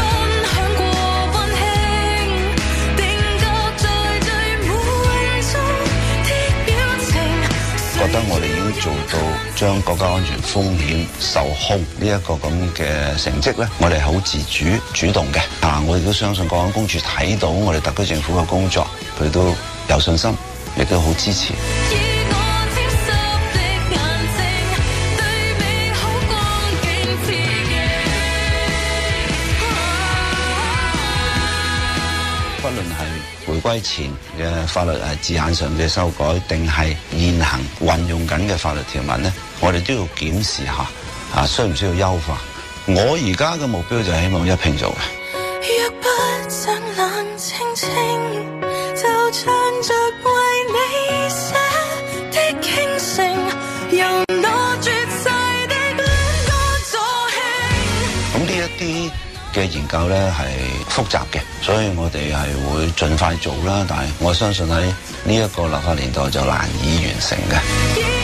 將我哋已經做到將國家安全風險受控這這呢一個咁嘅成績咧，我哋好自主主動嘅。啊，我哋都相信國安公署睇到我哋特區政府嘅工作，佢都有信心，亦都好支持。不斷行。回歸前嘅法律係字眼上嘅修改，定係現行運用緊嘅法律條文咧？我哋都要檢視下啊，需唔需要優化？我而家嘅目標就係希望一平做。若不嘅研究呢係複雜嘅，所以我哋係會盡快做啦。但係我相信喺呢一個立法年代就難以完成嘅。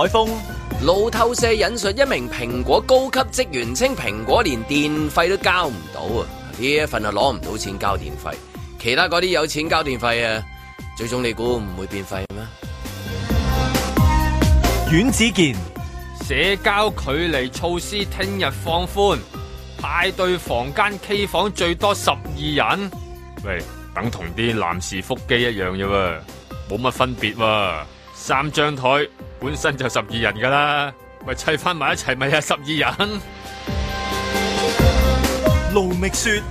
海峰，路透社引述一名蘋果高級職員稱：蘋果連電費都交唔到啊！呢一份啊攞唔到錢交電費，其他嗰啲有錢交電費啊，最終你估唔會變廢咩？阮子健，社交距離措施聽日放寬，派對房間 K 房最多十二人。喂，等同啲男士腹肌一樣啫，冇乜分別喎。三張台本身就十二人噶啦，咪砌翻埋一齊咪係十二人。盧覓雪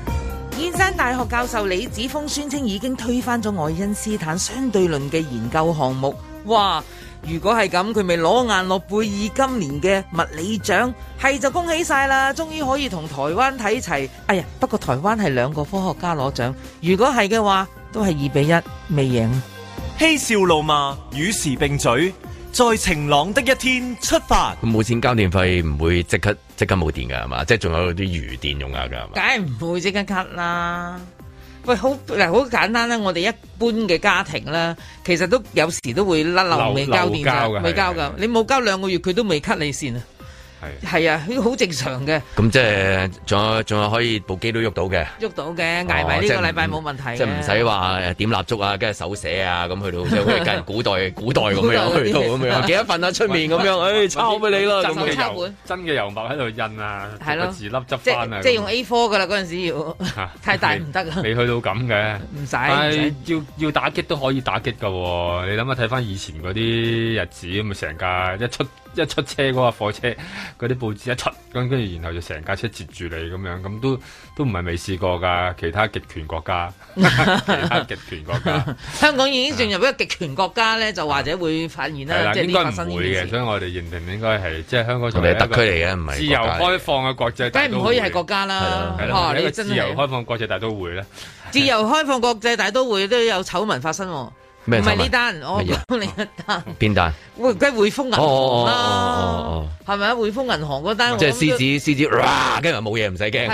燕山大學教授李子峰宣稱已經推翻咗愛因斯坦相對論嘅研究項目。哇！如果係咁，佢咪攞硬諾貝爾今年嘅物理獎？係就恭喜晒啦，終於可以同台灣睇齊。哎呀，不過台灣係兩個科學家攞獎，如果係嘅話，都係二比一未贏。嬉笑怒罵與時並舉，在晴朗的一天出發。咁冇錢交電費唔會即刻即刻冇電噶係嘛？即係仲有啲餘電用下噶係嘛？梗係唔會即刻 cut 啦。喂，好嗱，好簡單啦。我哋一般嘅家庭啦，其實都有時都會甩漏未交電費，未交噶。你冇交兩個月，佢都未 cut 你線啊。係啊，佢好正常嘅。咁即係仲有仲有可以部機都喐到嘅，喐到嘅，挨埋呢個禮拜冇問題、哦。即係唔使話點蠟燭啊，跟住手寫啊，咁去到即係跟古代古代咁樣去到咁 <laughs> 樣，樣， <laughs> 幾多份啊出面咁樣，唉，抄俾你啦咁嘅油真嘅油墨喺度印啊，係咯，字粒執翻啊，即係用 A4 噶啦，嗰陣時要太大唔得啊，未去到咁嘅，唔使，要要打擊都可以打擊噶，你諗下睇翻以前嗰啲日子，咁咪成架一出。一出車嗰個火車，嗰啲報紙一出，咁跟住然後就成架車截住你咁樣，咁都都唔係未試過㗎。其他極權國家， <laughs> 其他極權國家， <laughs> 香港已經進入一個極權國家咧，就或者會發現咧，即係發生呢應該唔會嘅，所以我哋認定應該係即係香港同你特區嚟嘅，唔係自由開放嘅國際大都會。唔可以係國家啦，自由開放國際大都會咧。啊啊、自，由會 <laughs> 自由開放國際大都會都有醜聞發生、哦。唔係呢單，我講另一單。邊單？我喺匯豐銀行哦哦哦。Oh, oh, oh, oh, oh, oh. 係咪啊？匯豐銀行嗰單，即係獅，獅子，獅子，呃、今日冇嘢唔使驚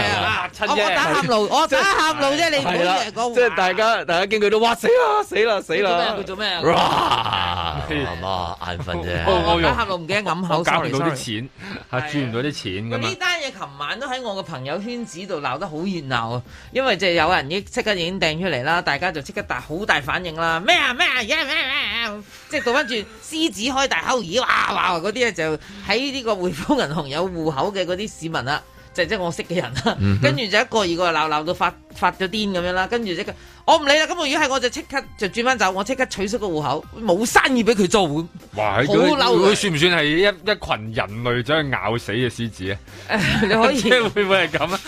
我打喊路，我打喊路啫、啊就是，你冇嘢講。即係大家，大家見佢都哇死啦，死啦，死啦！佢做咩？佢做咩？哇！咁、呃、啊，啊，啊，啊，眼瞓啫。哦哦、我打喊路唔驚揞口，攪唔到啲錢，係轉唔到啲錢㗎嘛。呢單嘢琴晚都喺我個朋友圈子度鬧得好熱鬧啊！因為就有人已即刻已經掟出嚟啦，大家就即刻大好大反應啦！咩啊咩啊，即係倒翻轉獅子開大口咦，哇哇嗰啲咧就喺呢。個匯豐銀行有戶口嘅啲市民啊，就即係我識嘅人啦、啊嗯，跟住就一個二個鬧鬧到發。發咗癲咁樣啦，跟住即刻，我唔理啦。咁如果係我就即刻就轉翻走，我即刻取消個戶口，冇生意俾佢做。哇！好嬲，算唔算係一一群人類走去咬死嘅獅子啊？你可以會唔會係咁啊？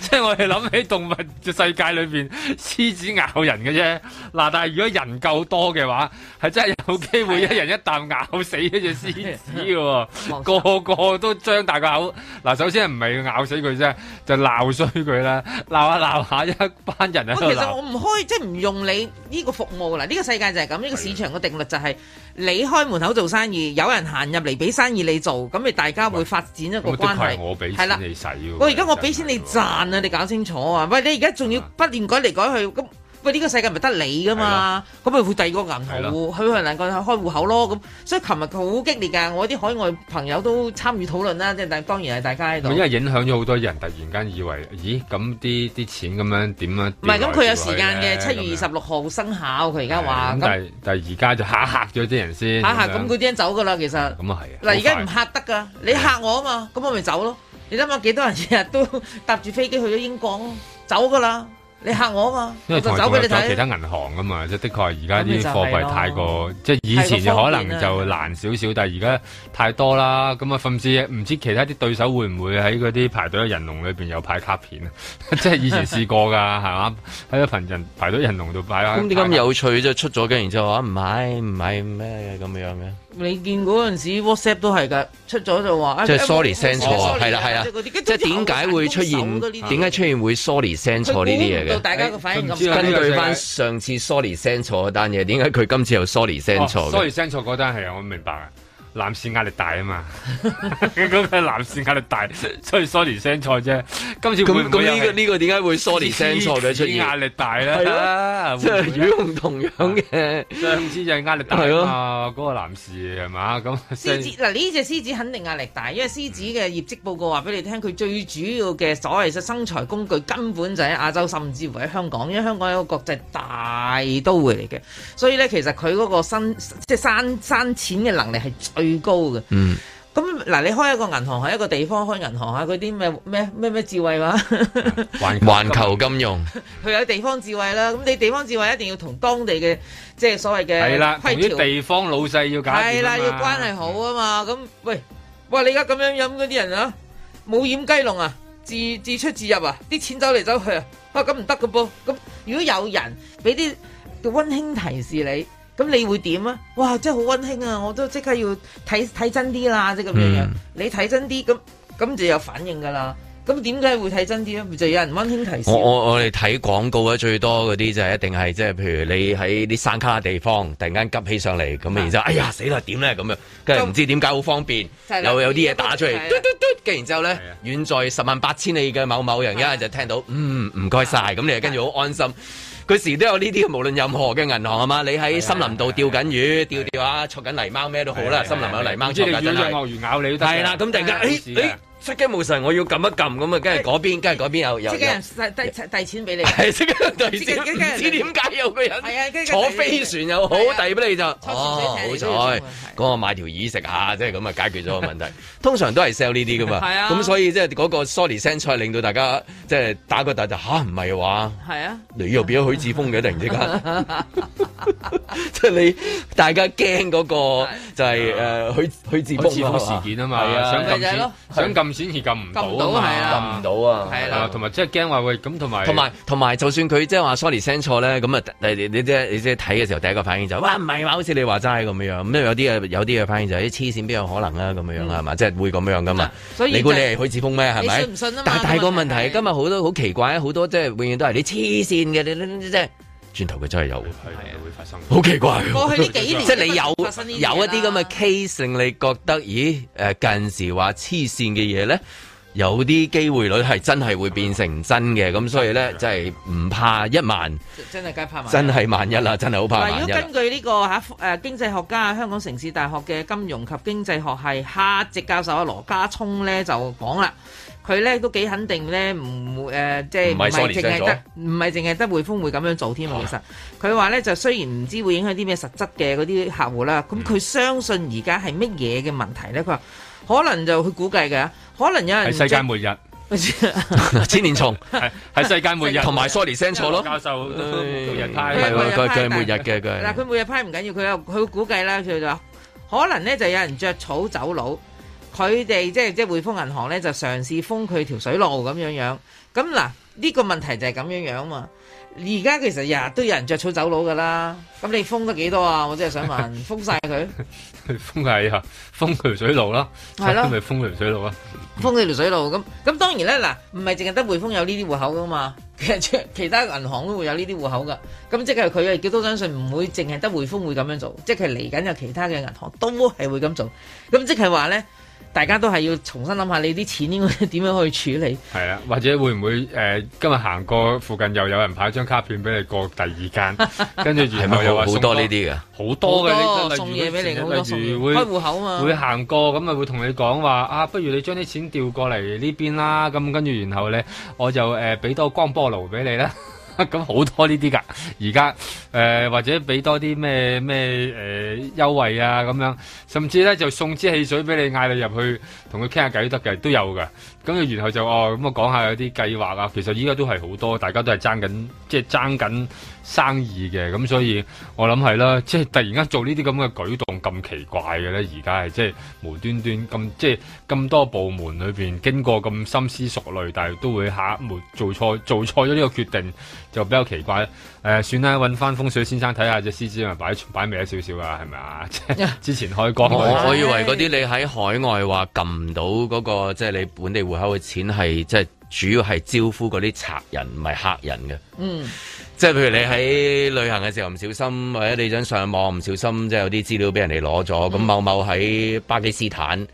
即係我哋諗起動物嘅世界裏邊，獅子咬人嘅啫。嗱，但係如果人夠多嘅話，係真係有機會一人一啖咬死一隻獅子嘅。 <laughs> 個個都張大個口。嗱，首先唔係咬死佢啫，就鬧衰佢啦，鬧一鬧！下一班人啊！我其實我唔開，即係唔用你呢個服務啦。呢個世界就係咁，呢個市場嘅定律就係你開門口做生意，有人行入嚟俾生意你做，咁你大家會發展一個關係。我俾錢你使喎。我而家我俾錢你賺啊！你搞清楚啊！喂，你而家仲要不斷改嚟改去咁。喂，呢個世界咪得你噶嘛？咁咪會第二個銀行，佢可能能夠開戶口咯。咁所以琴日好激烈噶，我啲海外朋友都參與討論啦。即係當然係大家喺度。因為影響咗好多人，突然間以為，咦？咁啲啲錢咁樣點啊？唔係，咁佢有時間嘅，七月二十六號生效。佢而家話。但係但係而家就嚇嚇咗啲人先。嚇嚇，咁嗰啲人走噶啦，其實。咁啊係嗱，而家唔嚇得噶，你嚇我啊嘛，咁我咪走咯。你諗下幾多人日日都搭住飛機去咗英國，走噶啦。你嚇我嘛？因為走俾你睇其他其他銀行啊嘛，即係的確而家啲貨幣太過，即係以前可能就難少少，但係而家太多啦。咁啊，甚至唔知其他啲對手會唔會喺嗰啲排隊人龍裏面有派卡片啊？即 <laughs> 係以前試過㗎，係 <laughs> 嘛？喺一羣人排隊人龍度擺。咁點咁有趣就出咗嘅。然之後話唔係唔係咩咁樣嘅？你見嗰陣時 WhatsApp 都係噶，出咗就話即係 sorry 聲錯，係啦係啦，即係點解會出現？點解出現會 sorry 聲錯呢啲嘢嘅？啊、大家反應、唔知啊、根據翻上次、啊、sorry 聲錯嗰單嘢，點解佢今次又 sorry 聲錯？sorry 聲錯嗰單係我明白啊。男士壓力大啊嘛，咁係男士壓力大，所以 Sony 聲菜啫。今次會呢、呢個呢、呢個點解會 Sony 聲 <laughs> 菜嘅？出壓力大啦，即係用同樣嘅。獅子就係壓力大力啊！嗰、啊嗰個男士係嘛？咁獅、嗰個、子嗱呢隻獅子肯定壓力大，因為獅子嘅業績報告話俾你聽，佢最主要嘅所謂嘅生財工具根本就喺亞洲，甚至乎喺香港，因為香港有個國際大都會嚟嘅，所以咧其實佢嗰個生即係生生錢嘅能力係最高嘅，嗯，咁嗱，你開一個銀行，喺一個地方開銀行啊，嗰啲咩咩咩咩智慧啊，環環球金融，佢有地方智慧啦，咁你地方智慧一定要同當地嘅，即係所謂嘅係啦，啲地方老細要搞係啦，要關係好啊嘛，咁喂，哇，你而家咁樣飲嗰啲人啊，冇掩雞籠啊，自自出自入啊，啲錢走嚟走去啊，啊，咁唔得㗎噃，咁如果有人俾啲嘅溫馨提示你。咁你會點啊？哇，真係好溫馨啊！我都即刻要睇睇真啲啦，即咁樣樣。嗯、你睇真啲，咁咁就有反應噶啦。咁點解會睇真啲咧？就有人溫馨提示。我我哋睇廣告咧，最多嗰啲就係一定係即係，譬如你喺啲山卡嘅地方，突然間急起上嚟，咁然之後就，哎呀死啦點咧咁樣，跟住唔知點解好方便，又有啲嘢打出嚟，嘟嘟嘟，然之後咧，遠在十萬八千里嘅某某人，一人就聽到，嗯唔該晒，咁你又跟住好安心。佢時都有呢啲，無論任何嘅銀行嘛，你喺森林度釣緊魚，魚，魚，魚，釣魚是是是是釣啊，捉緊泥鯭咩都好啦，森林有泥鯭捉緊啦。即鱷魚咬你都係啦，咁大出機無神，我要撳一撳咁啊，跟住嗰邊，跟住嗰邊有有。即係有人遞遞錢俾你。係， <laughs> 即係有遞錢。唔知點解有個人。係坐飛船又好，遞俾你就。哦啊、好彩，嗰個買條魚食下，即係咁啊， <laughs> 解決咗個問題。通常都係 sell 呢啲噶嘛。係 <laughs> <laughs> 啊。咁所以即係嗰個 sorry 聲 <laughs> 菜令到大家即係、就是、打個突就吓，唔、啊、係話。係啊。你又變咗許智峰嘅，突然之間。 <laughs> 即係你大家驚嗰個就係、是、誒、 <laughs> 呃、許許智峰。事件啊嘛。係啊。想想撳。先而撳唔撳唔到，係啊，撳唔到啊係啦，同埋即係驚話喂，咁，同埋同埋同埋，就算佢即係話 sorry send 錯咧，咁啊你你即係你即係睇嘅時候，第一個反應就話唔係嘛，好似你話齋咁樣，咁咧有啲啊有啲嘅反應就係啲黐線，邊有可能啊咁樣，嗯、樣啊係嘛，即係會咁樣噶嘛。所以、就是、你估你係許智峰咩？係咪？信但係大個問題，今日好多好奇怪，好多即、就、係、是、永遠都係你黐線嘅，你即係。你你你你你轉頭佢真係有，係會發生，好奇怪。過去呢幾年，即係你有有一啲咁嘅 case，令你覺得，咦？誒，近時話黐線嘅嘢咧，有啲機會率係真係會變成真嘅，咁所以咧，真係唔怕一萬，真係皆怕萬，真係萬一啦，真係好怕萬一。如果根據呢、這個吓誒、啊，經濟學家香港城市大學嘅金融及經濟學係客席教授啊羅家聰咧就講啦。佢咧都幾肯定咧，唔誒，即係唔係淨係得，唔係淨係得匯豐會咁樣做添啊！其實佢話咧，就雖然唔知會影響啲咩實質嘅嗰啲客戶啦，咁佢相信而家係乜嘢嘅問題咧？佢話可能就佢估計嘅，可能有人係世界末日，千年蟲係世界末日同埋 sorry send 錯咯。教授都日派，係佢佢末日嘅佢。嗱佢末日派唔緊要，佢又佢估計啦，佢就可能咧就有人著草走佬。佢哋即係即係匯豐銀行咧，就嘗試封佢條水路咁樣樣。咁嗱，呢個問題就係咁樣樣嘛。而家其實日日都有人着草走佬噶啦。咁你封得幾多啊？我真係想問，封晒佢 <laughs> 封晒啊，封條水路啦，係咯，咪封條水路啊？封條水路咁咁，當然咧嗱，唔係淨係得匯豐有呢啲戶口噶嘛。其實其他銀行都會有呢啲戶口噶。咁即係佢亦都相信唔會淨係得匯豐會咁樣做。即係嚟緊有其他嘅銀行都係會咁做。咁即係話咧。大家都係要重新諗下，你啲錢應該點樣去處理，係啊？或者會唔會、呃、今日行過附近又有人派張卡片俾你過第二間，跟住如係咪又好多呢啲嘅？好多嘅，例如送嘢俾你，住如會開戶口嘛，會行過咁啊，會同你講話啊，不如你將啲錢調過嚟呢邊啦，咁跟住然後咧，我就誒俾、呃、多光波爐俾你啦。咁 <laughs> 好多呢啲噶，而家誒或者俾多啲咩咩誒優惠啊咁樣，甚至咧就送支汽水俾你，嗌你入去同佢傾下偈都得嘅，都有噶。咁啊，然後就哦，咁我講下有啲計劃啊。其實依家都係好多，大家都係爭緊，即係爭緊生意嘅。咁所以，我諗係啦，即係突然間做呢啲咁嘅舉動咁奇怪嘅咧。而家係即係無端端咁，即係咁多部門裏邊經過咁深思熟慮，但係都會下一幕做錯，做錯咗呢個決定，就比較奇怪。誒算啦，搵翻風水先生睇下隻獅子咪擺擺尾少少啊，係咪啊？點點 <laughs> <laughs> 之前開講、那個，我我以為嗰啲你喺海外話撳唔到嗰、那個，即、就、係、是、你本地戶口嘅錢係即係主要係招呼嗰啲賊人，唔係客人嘅。嗯。即係譬如你喺旅行嘅時候唔小心，或者你想上網唔小心，即係有啲資料俾人哋攞咗。咁某某喺巴基斯坦，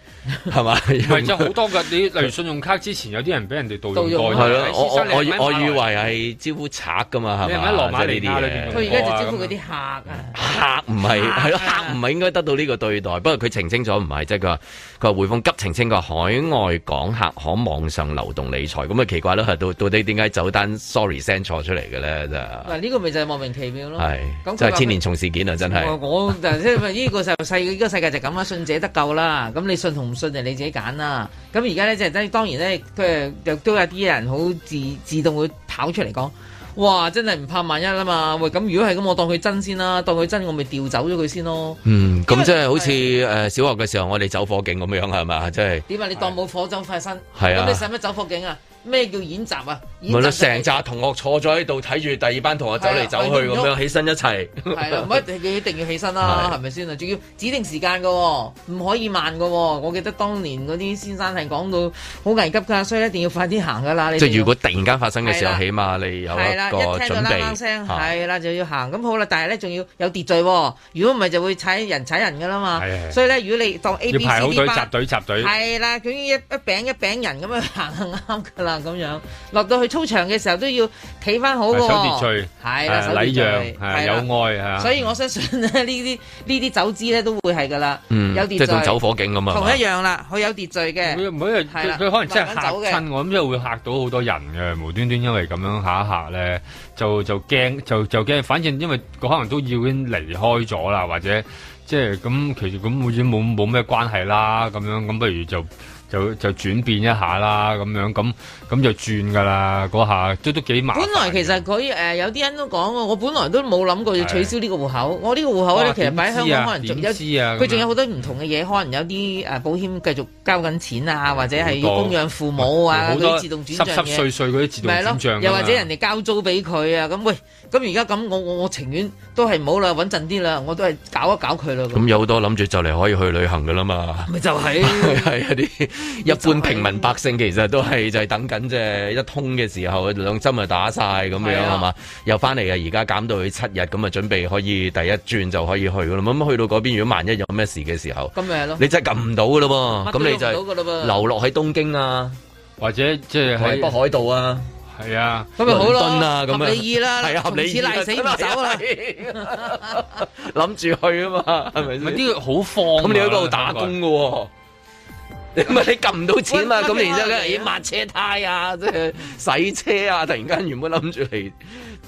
係 <laughs> 嘛？唔係，有好多噶。你例如信用卡之前有啲人俾人哋盜用，係、啊、我，我以為係招呼賊噶嘛，係咪？即係呢啲嘢。佢而家就招呼嗰啲客啊。客唔係，係咯，客唔係、啊啊、應該得到呢個對待。不過佢澄清咗唔係，即係佢話。就是佢話匯豐急澄清，個海外港客可網上流動理財，咁啊奇怪啦，到底到底點解走單？Sorry send 錯出嚟嘅咧，這個、就，嗱呢個咪就係莫名其妙咯，就係千年蟲事件啊，真係。我呢個世世呢個世界就咁啦，信者得救啦，咁 <laughs> 你信同唔信就你自己揀啦。咁而家咧即係當然咧，佢亦都有啲人好自自動會跑出嚟講。哇！真係唔怕萬一啊嘛，喂！咁如果係咁，我當佢真先啦，當佢真，我咪調走咗佢先咯。嗯，咁即係好似誒、 <laughs> 呃、小學嘅時候，我哋走火警咁樣係嘛？即係點啊？你當冇火走快身，係啊？咁你使乜走火警啊？咩叫演習啊？咪咯、就是，成扎同學坐咗喺度睇住第二班同學走嚟走去咁、啊、樣起身一齊。係啦、啊，唔可一定要起身啦，係咪先啊？仲、 <laughs> 啊啊、要指定時間噶、哦，唔可以慢噶、哦。我記得當年嗰啲先生係講到好危急㗎，所以一定要快啲行㗎啦。即係如果突然間發生嘅時候、啊，起碼你有一個準備。係啦、啊，一聽到啷啷聲，係啦就要行。咁好啦、啊，但係咧仲要有秩序、啊。如果唔係就會踩人踩人㗎啦嘛、啊啊。所以咧，如果你當 A B C D 班，要排好隊，集隊集隊。係啦，佢、啊、一頂一餅一餅人咁樣行係啱㗎啦。啊咁樣，落到去操場嘅時候都要企翻好喎。有秩序係啦，禮讓係有愛吓。所以我相信啊，呢啲呢啲走姿咧都會係噶啦。嗯，有秩序即係同走火警咁啊，同一樣啦，佢有秩序嘅。唔好，佢佢可能真係嚇親我，咁即係會嚇到好多人嘅。無端端因為咁樣嚇一嚇咧，就就驚就就驚。反正因為佢可能都要已經離開咗啦，或者即係咁其實咁好似冇冇咩關係啦。咁樣咁不如就。就就轉變一下啦，咁樣咁咁就轉噶啦，嗰下都都幾麻煩。本來其實佢誒、呃、有啲人都講喎，我本來都冇諗過要取消呢個戶口。我呢、哦呢個戶口咧，其實擺喺香港可能仲有佢仲有好多唔同嘅嘢，可能有啲誒保險繼續交緊錢啊，嗯、或者係供養父母啊嗰啲自動轉帳嘅。濕濕碎碎嗰啲自動轉帳、就係。又或者人哋交租俾佢啊，咁喂。咁而家咁，我我我情願都係唔好啦，穩陣啲啦，我都係搞一搞佢啦。咁有好多諗住就嚟可以去旅行噶啦嘛。咪就係係啲一般平民百姓，其實都係就係等緊啫，一通嘅時候兩針啊打晒咁樣係嘛？又翻嚟啊。而家減到去七日咁啊，準備可以第一轉就可以去啦。咁去到嗰邊，如果萬一有咩事嘅時候，咁咪係咯，你真係撳唔到噶咯噃，咁你就流落喺東京啊，或者即係喺北海道啊。係啊，咁咪好咯，合你意啦，似 <laughs> 賴死唔走啦，諗住 <laughs> 去啊嘛，係咪先？啲好放，咁 <laughs> 你喺度打工噶，你係你撳唔到錢啊，咁然之後咧，抹、哎、車胎啊，即 <laughs> 係洗車啊，突然間原本諗住嚟。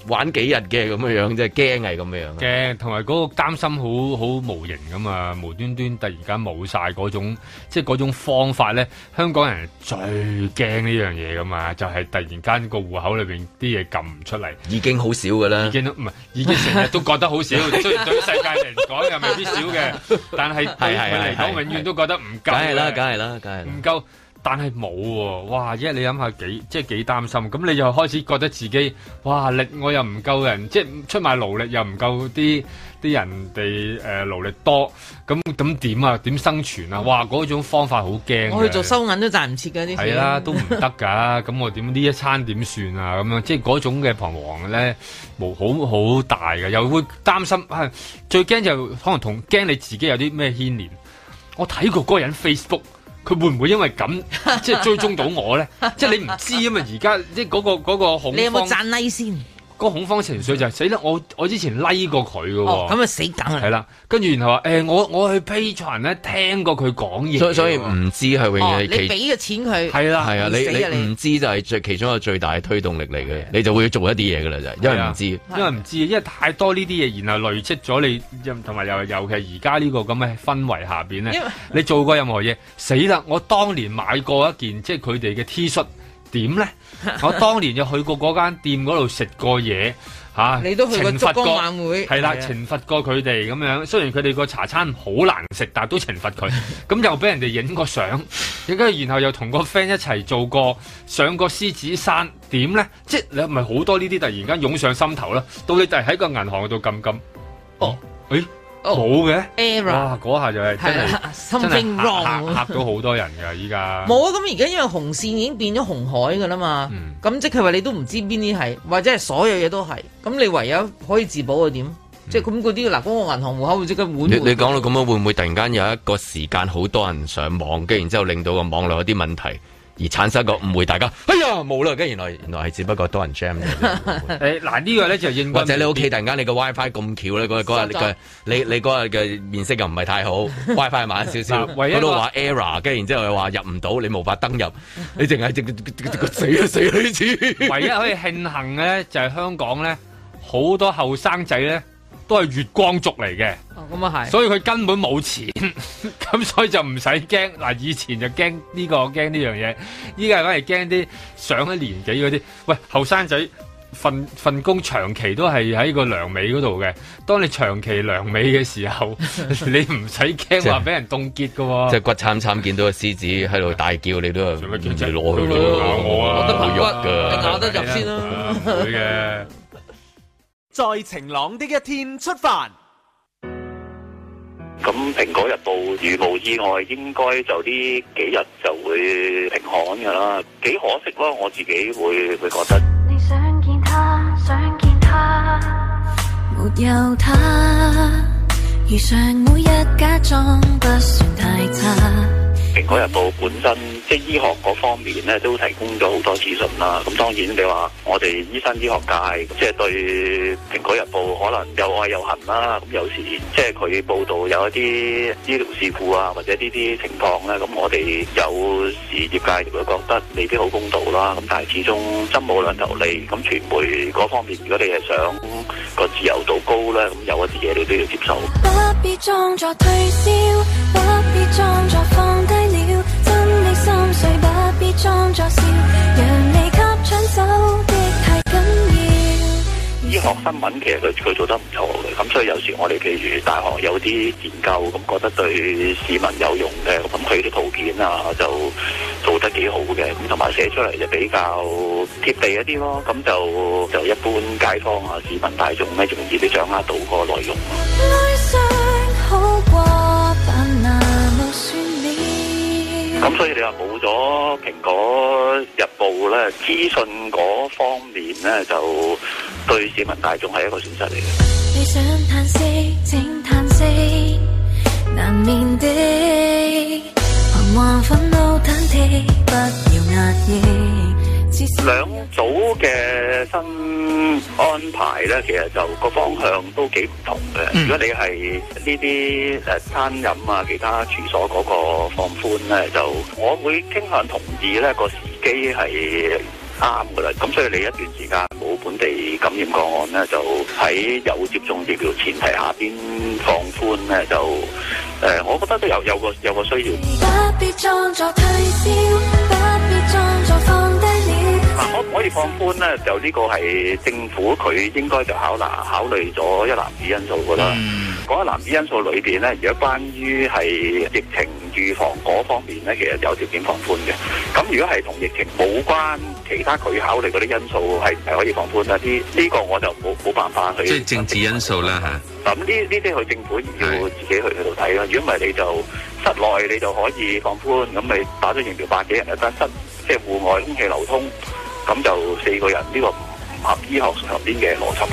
玩幾日嘅咁樣樣，真係驚係咁樣驚，同埋嗰個擔心好好無形咁啊，無端端突然間冇晒嗰種，即係嗰種方法咧，香港人最驚呢樣嘢噶嘛，就係突然間個戶口裏面啲嘢撳唔出嚟，已經好少㗎啦，已經都唔係，已經成日都覺得好少，雖 <laughs> 然對世界嚟講又未必少嘅， <laughs> 但係對我嚟講永遠都覺得唔 <laughs> 夠，梗係啦，梗係啦，梗係啦，唔夠但係冇喎，哇！一係你諗下幾，即係幾擔心。咁你又開始覺得自己，哇！力我又唔夠人，即係出賣勞力又唔夠啲啲人哋，誒、呃，勞力多。咁咁點啊？點生存啊？哇！嗰種方法好驚。我去做收銀都賺唔切噶啲。係啦、啊，都唔得噶。咁 <laughs> 我點呢一餐點算啊？咁樣即係嗰種嘅彷徨咧，冇好好大嘅，又會擔心。最驚就可能同驚你自己有啲咩牽連。我睇過嗰個人 Facebook。佢會唔會因為咁，即係追蹤到我咧？ <laughs> 即係你唔知啊嘛！而家即係嗰個嗰個恐慌你有冇讚 like 先？那個恐慌情緒就係、是、死啦！我我之前拉、like、過佢嘅、哦，咁、哦、啊死梗啦！係啦，跟住然後話誒、欸，我我去 Patreon 咧，聽過佢講嘢，所以所以唔知係永遠、哦。你俾咗錢佢係啦，係啊，你你唔知就係最其中一個最大嘅推動力嚟嘅，你就會做一啲嘢嘅啦，就因為唔知，因為唔知，因為唔知，因為唔知，因為太多呢啲嘢，然後累積咗你，同埋又尤其係而家呢個咁嘅氛圍下邊咧，因為你做過任何嘢，死啦！我當年買過一件，即係佢哋嘅 T 恤。點呢我當年又去過嗰間店嗰度食過嘢，吓、啊、你都懲罰過，過，係啦懲罰過佢哋咁樣。雖然佢哋個茶餐好難食，但係都懲罰佢。咁 <laughs> 又俾人哋影個相，跟住然後又同個 friend 一齊做過上個獅子山。點呢即係你係咪好多呢啲？突然間湧上心頭啦！到你就係喺個銀行度撳撳哦？誒、欸？冇嘅，error 嗰下就係真係，something wrong，嚇到好多人噶依家。冇啊！咁而家因為紅線已經變咗紅海噶啦嘛，咁、嗯、即係話你都唔知邊啲係，或者係所有嘢都係，咁你唯有可以自保佢點、嗯？即係咁嗰啲嗱，嗰、嗰個銀行戶口會即刻會你講到咁樣會唔會突然間有一個時間好多人上網，跟住然之後令到個網絡有啲問題？而產生個誤會，大家哎呀冇啦，跟原來原來係只不過多人 jam 嗱呢個咧就應該，或者你屋企突然間你個 WiFi 咁巧咧，嗰日你你嗰日嘅面色又唔係太好 <laughs> ，WiFi 慢少少，佢、那個、都話 error，跟然之後又話入唔到，你無法登入，你淨係只，只，只，只死啦死女仔。唯一可以慶幸咧，就係香港咧，好多後生仔咧。都係月光族嚟嘅、哦，所以佢根本冇錢，咁 <laughs> 所以就唔使驚。嗱，以前就驚呢、呢個驚呢樣嘢，依家反而驚啲上一年紀嗰啲。喂，後生仔份份工長期都係喺個糧尾嗰度嘅。當你長期糧尾嘅時候，你唔使驚話俾人凍結噶、啊。即係骨慘慘見到個獅子喺度大叫，你都唔會攞佢咯。我得骨，啊，是是你得入先啦、啊。啊、會嘅。 <laughs> 在晴朗的一天出發。咁蘋果日報如無意外應該就呢幾日就會停刊㗎啦，幾可惜咯。我自己會會覺得你想見他想見他沒有他如常每日假裝不算太差 <noise> 蘋果日報本身即係醫學嗰方面咧，都提供咗好多資訊啦。咁當然你話我哋醫生醫學界即係對蘋果日報可能又愛又恨啦。咁有時即係佢報道有一啲醫療事故啊，或者呢啲情況咧，咁我哋有時業界都會覺得未必好公道啦。咁但係始終針冇兩頭利。咁傳媒嗰方面，如果你係想個自由度高咧，咁有一啲嘢你都要接受。不必裝作退燒，不必裝作放低。不必裝作笑，搶手的太緊要。醫學新聞其實佢佢做得唔錯嘅，咁所以有時候我哋，譬如大學有啲研究咁，覺得對市民有用嘅，咁佢啲圖片啊就做得幾好嘅，咁同埋寫出嚟，就比較貼地一啲咯，咁就就一般街坊啊市民大眾咧容易都掌握到個內容。內咁所以你話冇咗《蘋果日報》咧，資訊嗰方面咧，就對市民大眾係一個損失嚟嘅。你想其實就個方向都幾唔同嘅。如果你係呢啲誒餐飲啊，其他處所嗰個放寬咧，就我會傾向同意咧個時機係啱嘅啦。咁所以你一段時間冇本地感染個案咧，就喺有接種疫苗前提下邊放寬咧，就誒、呃，我覺得都有有個有個需要。不必裝作嗱，可唔可以放寬呢？就呢個係政府佢應該就好啦，考慮咗一籃子因素啦。嗰一籃子因素裡面呢，如果關於係疫情預防嗰方面呢，其實有條件放寬嘅。咁如果係同疫情冇關，其他佢考慮嗰啲因素係可以放寬啦，呢個我就冇冇辦法去，即係政治因素啦吓。咁就四個人呢個，唔合醫學上邊嘅邏輯。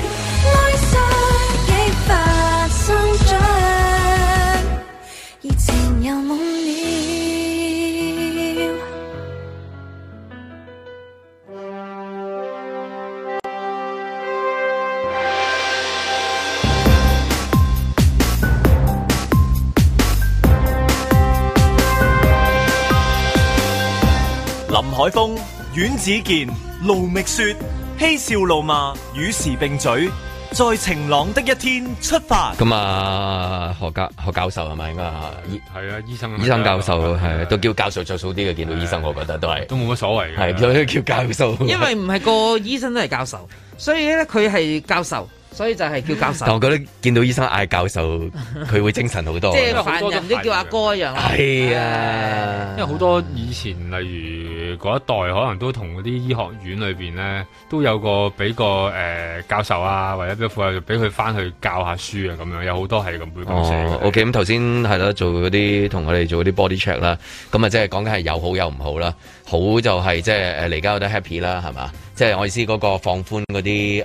林海峰。阮子健、盧覓雪，嬉笑怒罵與時並嘴。在晴朗的一天出發。咁啊，何教何教授係咪應該啊？係啊，醫生是是醫生教授係、啊啊啊、都叫教授着數啲嘅。見到醫生，啊、我覺得都係都冇乜所謂。係所、啊、叫教授， <laughs> 因為唔係個醫生都係教授，所以咧佢係教授。所以就係叫,叫教授，但我覺得見到醫生嗌教授，佢會精神好多。即係凡人都叫阿哥一樣。係啊,啊，因為好多以前例如嗰一代，可能都同嗰啲醫學院裏面咧，都有個俾個誒教授啊，或者俾個副教授俾佢翻去教下書樣有好多、哦、我記得啊，咁樣有好多係咁樣講嘢。OK 咁頭先係咯做嗰啲同佢哋做嗰啲 body check 啦，咁啊即係講緊係又好又唔好啦。好就係即係誒，嚟家有得 happy 啦，係嘛？即係我意思嗰個放寬嗰啲誒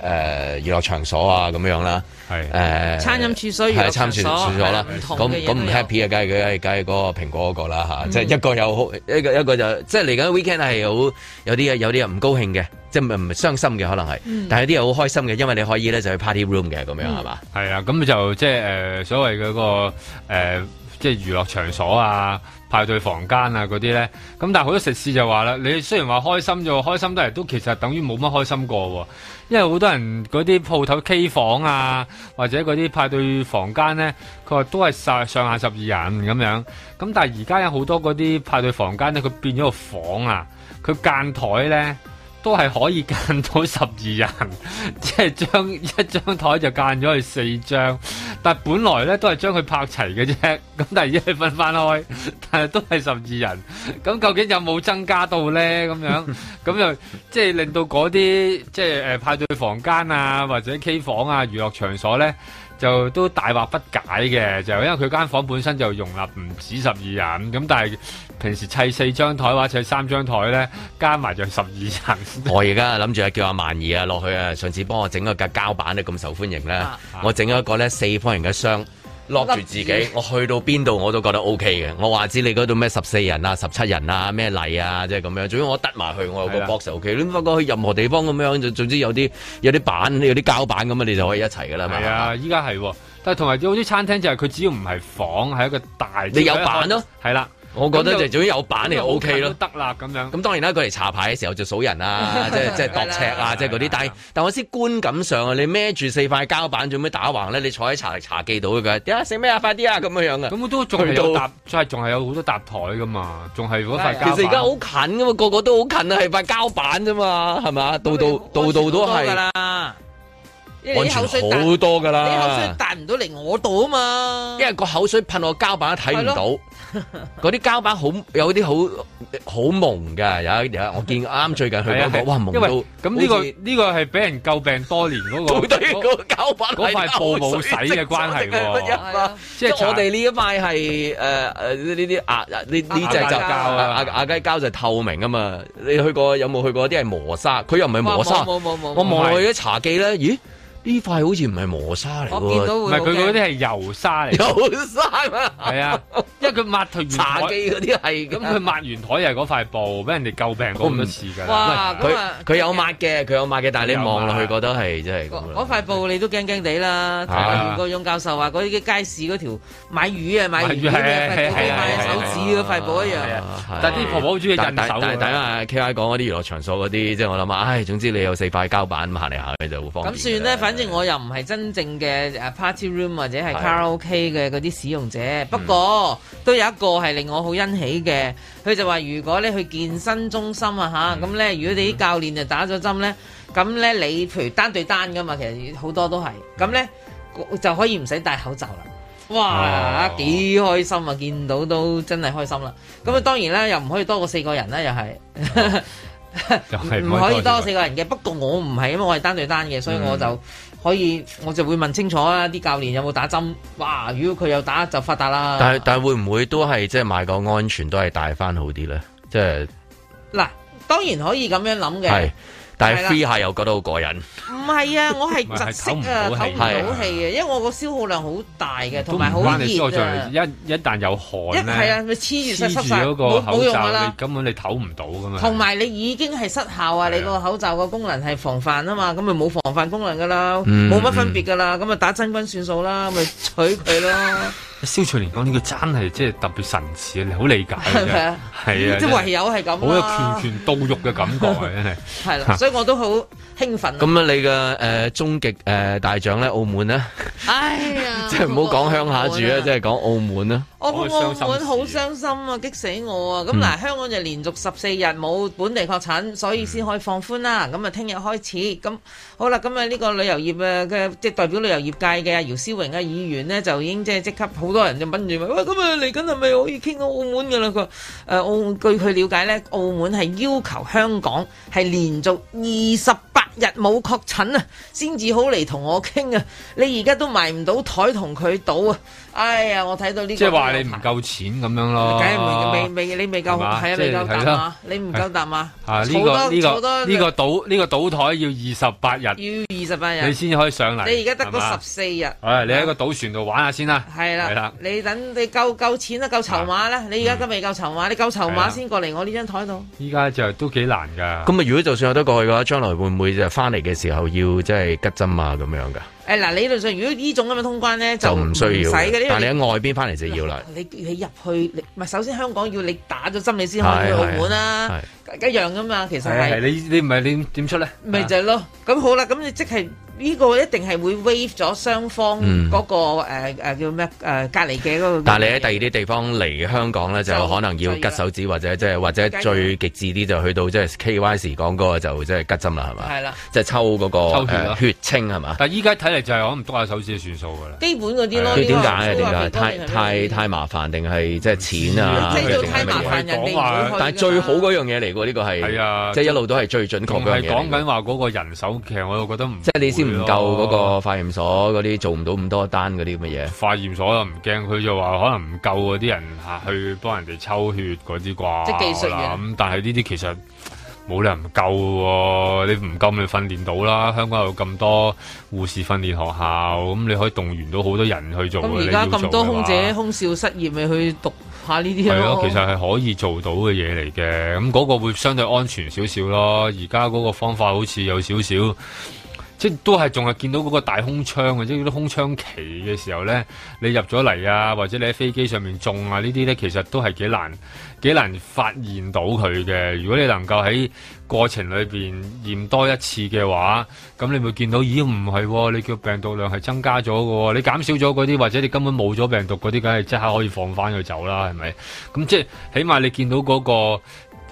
娛樂場所啊咁樣啦，誒、呃、餐飲處所，係啊，參團處所啦，咁咁唔 happy 啊，梗係梗係梗係嗰個蘋果嗰個啦嚇、嗯，即係一個又好，一個一個就即係嚟緊 weekend 係有有啲有啲人唔高興嘅，即係唔唔傷心嘅可能係、嗯，但係有啲人好開心嘅，因為你可以咧就去 party room 嘅咁樣係嘛？係、嗯、啊，咁就即係誒所謂嗰、嗰個、呃、即係娛樂場所啊。派對房間啊嗰啲呢，咁但係好多食肆就話啦，你雖然話開心就開心得嚟，都其實等於冇乜開心過喎，因為好多人嗰啲鋪頭 K 房啊，或者嗰啲派對房間呢，佢話都係上下十二人咁樣，咁但係而家有好多嗰啲派對房間呢，佢變咗個房啊，佢間台呢。都係可以間到十二人，即係將一張台就間咗去四張，但係本來咧都係將佢拍齊嘅啫，咁但係而家分翻開，但係都係十二人，咁究竟有冇增加到咧？咁樣咁又 <laughs> 即係令到嗰啲即係、呃、派對房間啊，或者 K 房啊，娛樂場所咧？就都大惑不解嘅，就因為佢間房本身就容納唔止十二人，咁但係平時砌四張台或者砌三張台咧，加埋就十二層。我而家諗住啊，叫阿萬二啊落去啊，上次幫我整個膠板咧咁受歡迎咧，啊啊，我整咗一個咧四方形嘅箱。落住自己，我去到邊度我都覺得 O K 嘅。我話知你嗰度咩十四人啊、十七人啊、咩嚟啊，即係咁樣。總之我得埋去，我有個 box O、OK、K。咁、啊、不過去任何地方咁樣，總總之有啲有啲板，有啲膠板咁樣，你就可以一齊噶啦。係啊，依家係，但係同埋有啲餐廳就係、是、佢只要唔係房，係一個大。你有板咯、啊？係啦、啊。我覺得就總之有板嚟 O K 咯，得啦咁樣。咁當然啦，佢嚟查牌嘅時候就數人啊，即係即係度尺啊，即係嗰啲。但係但我先觀感上啊，你孭住四塊膠板做咩打橫咧？你坐喺茶茶記到㗎？點啊食咩啊？快啲啊！咁樣樣啊。咁都仲要搭，即係仲係有好多搭台噶嘛，仲係嗰塊膠板。其實而家好近噶嘛，個個都好近啊，係塊膠板啫嘛，係咪？度度度度都係。安全好多噶啦，你口水彈唔到嚟我度啊嘛，因為個口水噴落膠板睇唔到。嗰啲膠板好有啲好好蒙噶，有一有有我見啱最近去嗰、那個 <laughs> 哇蒙到，咁呢、這個呢、這個係俾人詬病多年嗰、那個，嗰 gío 塊布冇洗嘅關係喎、啊，即係我哋呢一塊係誒誒呢啲牙呢呢隻就牙牙雞膠就透、是、明啊嘛，你去過有冇去過啲係磨砂，佢又唔係磨砂，我望下啲茶几咧，咦？呢塊好似唔係磨砂嚟嘅到唔但佢嗰啲係油砂嚟。油砂啊！係 <laughs> 啊，因為佢抹台茶几嗰啲係咁，佢抹完台又係嗰塊布，俾人哋救病咁多次嘅。哇！佢佢有抹嘅，佢有抹嘅，但係你望落去覺得係即係嗰塊布你都驚驚地啦。唐元國勇教授話：嗰啲街市嗰條買魚，買魚啊，買魚嗰塊、啊啊啊啊、手指嗰塊布一樣。但啲婆婆好中意人手。但係下 K I 講嗰啲娛樂場所嗰啲，即係我諗啊，唉、啊，總之你有四塊膠板行嚟行去就好方便。咁算咧。反正我又唔係真正嘅誒 party room 或者係卡拉 OK 嘅嗰啲使用者，嗯、不過都有一個係令我好欣喜嘅。佢就話：如果你去健身中心、嗯、啊嚇，咁、嗯、咧如果你啲教練就打咗針咧，咁咧你譬如單對單噶嘛，其實好多都係咁咧，就可以唔使戴口罩啦。哇！幾、哦、開心啊！見到都真係開心啦。咁啊，當然啦，又唔可以多過四個人啦，又係唔、哦就是、可以多過四個人嘅。 <laughs> 不過我唔係，因為我係單對單嘅，所以我就。可以，我就會問清楚啊！啲教練有冇打針？嘩！如果佢有打，就發達啦。但係但係會唔會都係即係買個安全都係帶返好啲呢？即係嗱，當然可以咁樣諗嘅。但係 free 下又覺得好過癮，唔係啊，我係窒息啊，唞唔到氣啊。因為我個消耗量好大嘅，同埋好熱啊。一一旦有汗一係啊，佢黐住濕濕晒，冇用噶啦，根本你唞唔到噶嘛。同埋你已經係失效啊，你個口罩個功能係防範啊嘛，咁咪冇防範功能噶啦，嗯、冇乜分別噶啦，咁咪打真軍算數啦，咪 <laughs> 取佢悲咯。 <laughs> 蕭翠蓮講呢句真係即係特別神似啊！你好理解係啊，係啊，即係唯有係咁、啊。好有拳拳到肉嘅感覺啊！真係係啦，所以我都好興奮。咁啊，你嘅誒終極誒大獎咧，澳門咧，哎呀， <laughs> 即係唔好講鄉下住啦，即係講澳門啦。我覺得澳門好傷心啊，激死我啊！咁嗱，香港就連續十四日冇本地確診，所以先可以放寬啦。咁啊，聽日開始咁好啦。咁啊，呢個旅遊業啊嘅、呃、即係代表旅遊業界嘅姚思榮嘅議員呢，就已經即係即刻好多人就問住問，喂，咁啊嚟緊係咪可以傾澳門嘅啦？佢、呃、誒澳據佢了解呢，澳門係要求香港係連續二十八日冇確診啊，先至好嚟同我傾啊！你而家都埋唔到台同佢賭啊！哎呀，我睇到呢個即係話你唔夠錢咁樣咯，未未你未夠係啊，啊！你夠膽啊？你唔夠膽啊？好呢呢個呢賭呢台要二十八日，要二十八日，你先可以上嚟。你而家得嗰十四日，你喺個賭船度玩下先啦。係啦，啦，你等你夠夠錢啦、啊，夠籌碼啦、啊啊。你而家都未夠籌碼，你夠籌碼先、啊、過嚟我呢張台度。依家就都幾難㗎。咁啊？如果就算有得過去嘅話，將來會唔會？翻嚟嘅時候要即係吉針啊咁樣的。噶。誒、哎、嗱理論上，如果呢種咁嘅通關咧，就唔需要。但你喺外邊翻嚟就要啦。你你入去，唔係首先香港要你打咗針，你先可以去澳門啦。係係係一樣噶嘛，其實係。你你唔係你點出咧？咪就係咯。咁好啦，咁你即係呢個一定係會 wave 咗雙方嗰、那個、嗯啊、叫咩、啊、隔離嘅嗰個。但你喺第二啲地方嚟香港咧，就可能要吉手指，或者即係或者最極致啲就去到即係 K Y 時講嗰個就即係吉針啦，係嘛？係啦，即、就、係、是、抽嗰、那個抽血、呃、血清係嘛？但依家睇。就係、是、我唔篤下手指算數噶啦，基本嗰啲咯。佢點解？點解？太太太麻煩定係即係錢啊？製造太麻煩人哋、啊，但係最好嗰樣嘢嚟喎，呢、這個係。係啊，即、就、係、是、一路都係最準確嘅嘢。係講緊話嗰個人手，其實我又覺得唔即係你先唔夠嗰個化驗所嗰啲做唔到咁多單嗰啲咁嘅嘢。化驗所又唔驚，佢就話可能唔夠嗰啲人去幫人哋抽血嗰啲啩。即係技術嘅。咁但係呢啲其實。冇理由唔夠喎、啊，你唔夠你訓練到啦！香港有咁多護士訓練學校，咁你可以動員到好多人去做。而家咁多空姐、空少失業，咪去讀下呢啲咯。係咯、啊，其實係可以做到嘅嘢嚟嘅。咁嗰個會相對安全少少咯。而家嗰個方法好似有少少。即都係，仲係見到嗰個大空窗，即係啲空窗期嘅時候呢，你入咗嚟啊，或者你喺飛機上面種啊，呢啲呢，其實都係幾難幾難發現到佢嘅。如果你能夠喺過程裏邊驗多一次嘅話，咁你咪見到，咦唔係，你叫病毒量係增加咗喎，你減少咗嗰啲，或者你根本冇咗病毒嗰啲，梗係即刻可以放翻佢走啦，係咪？咁即係起碼你見到嗰個。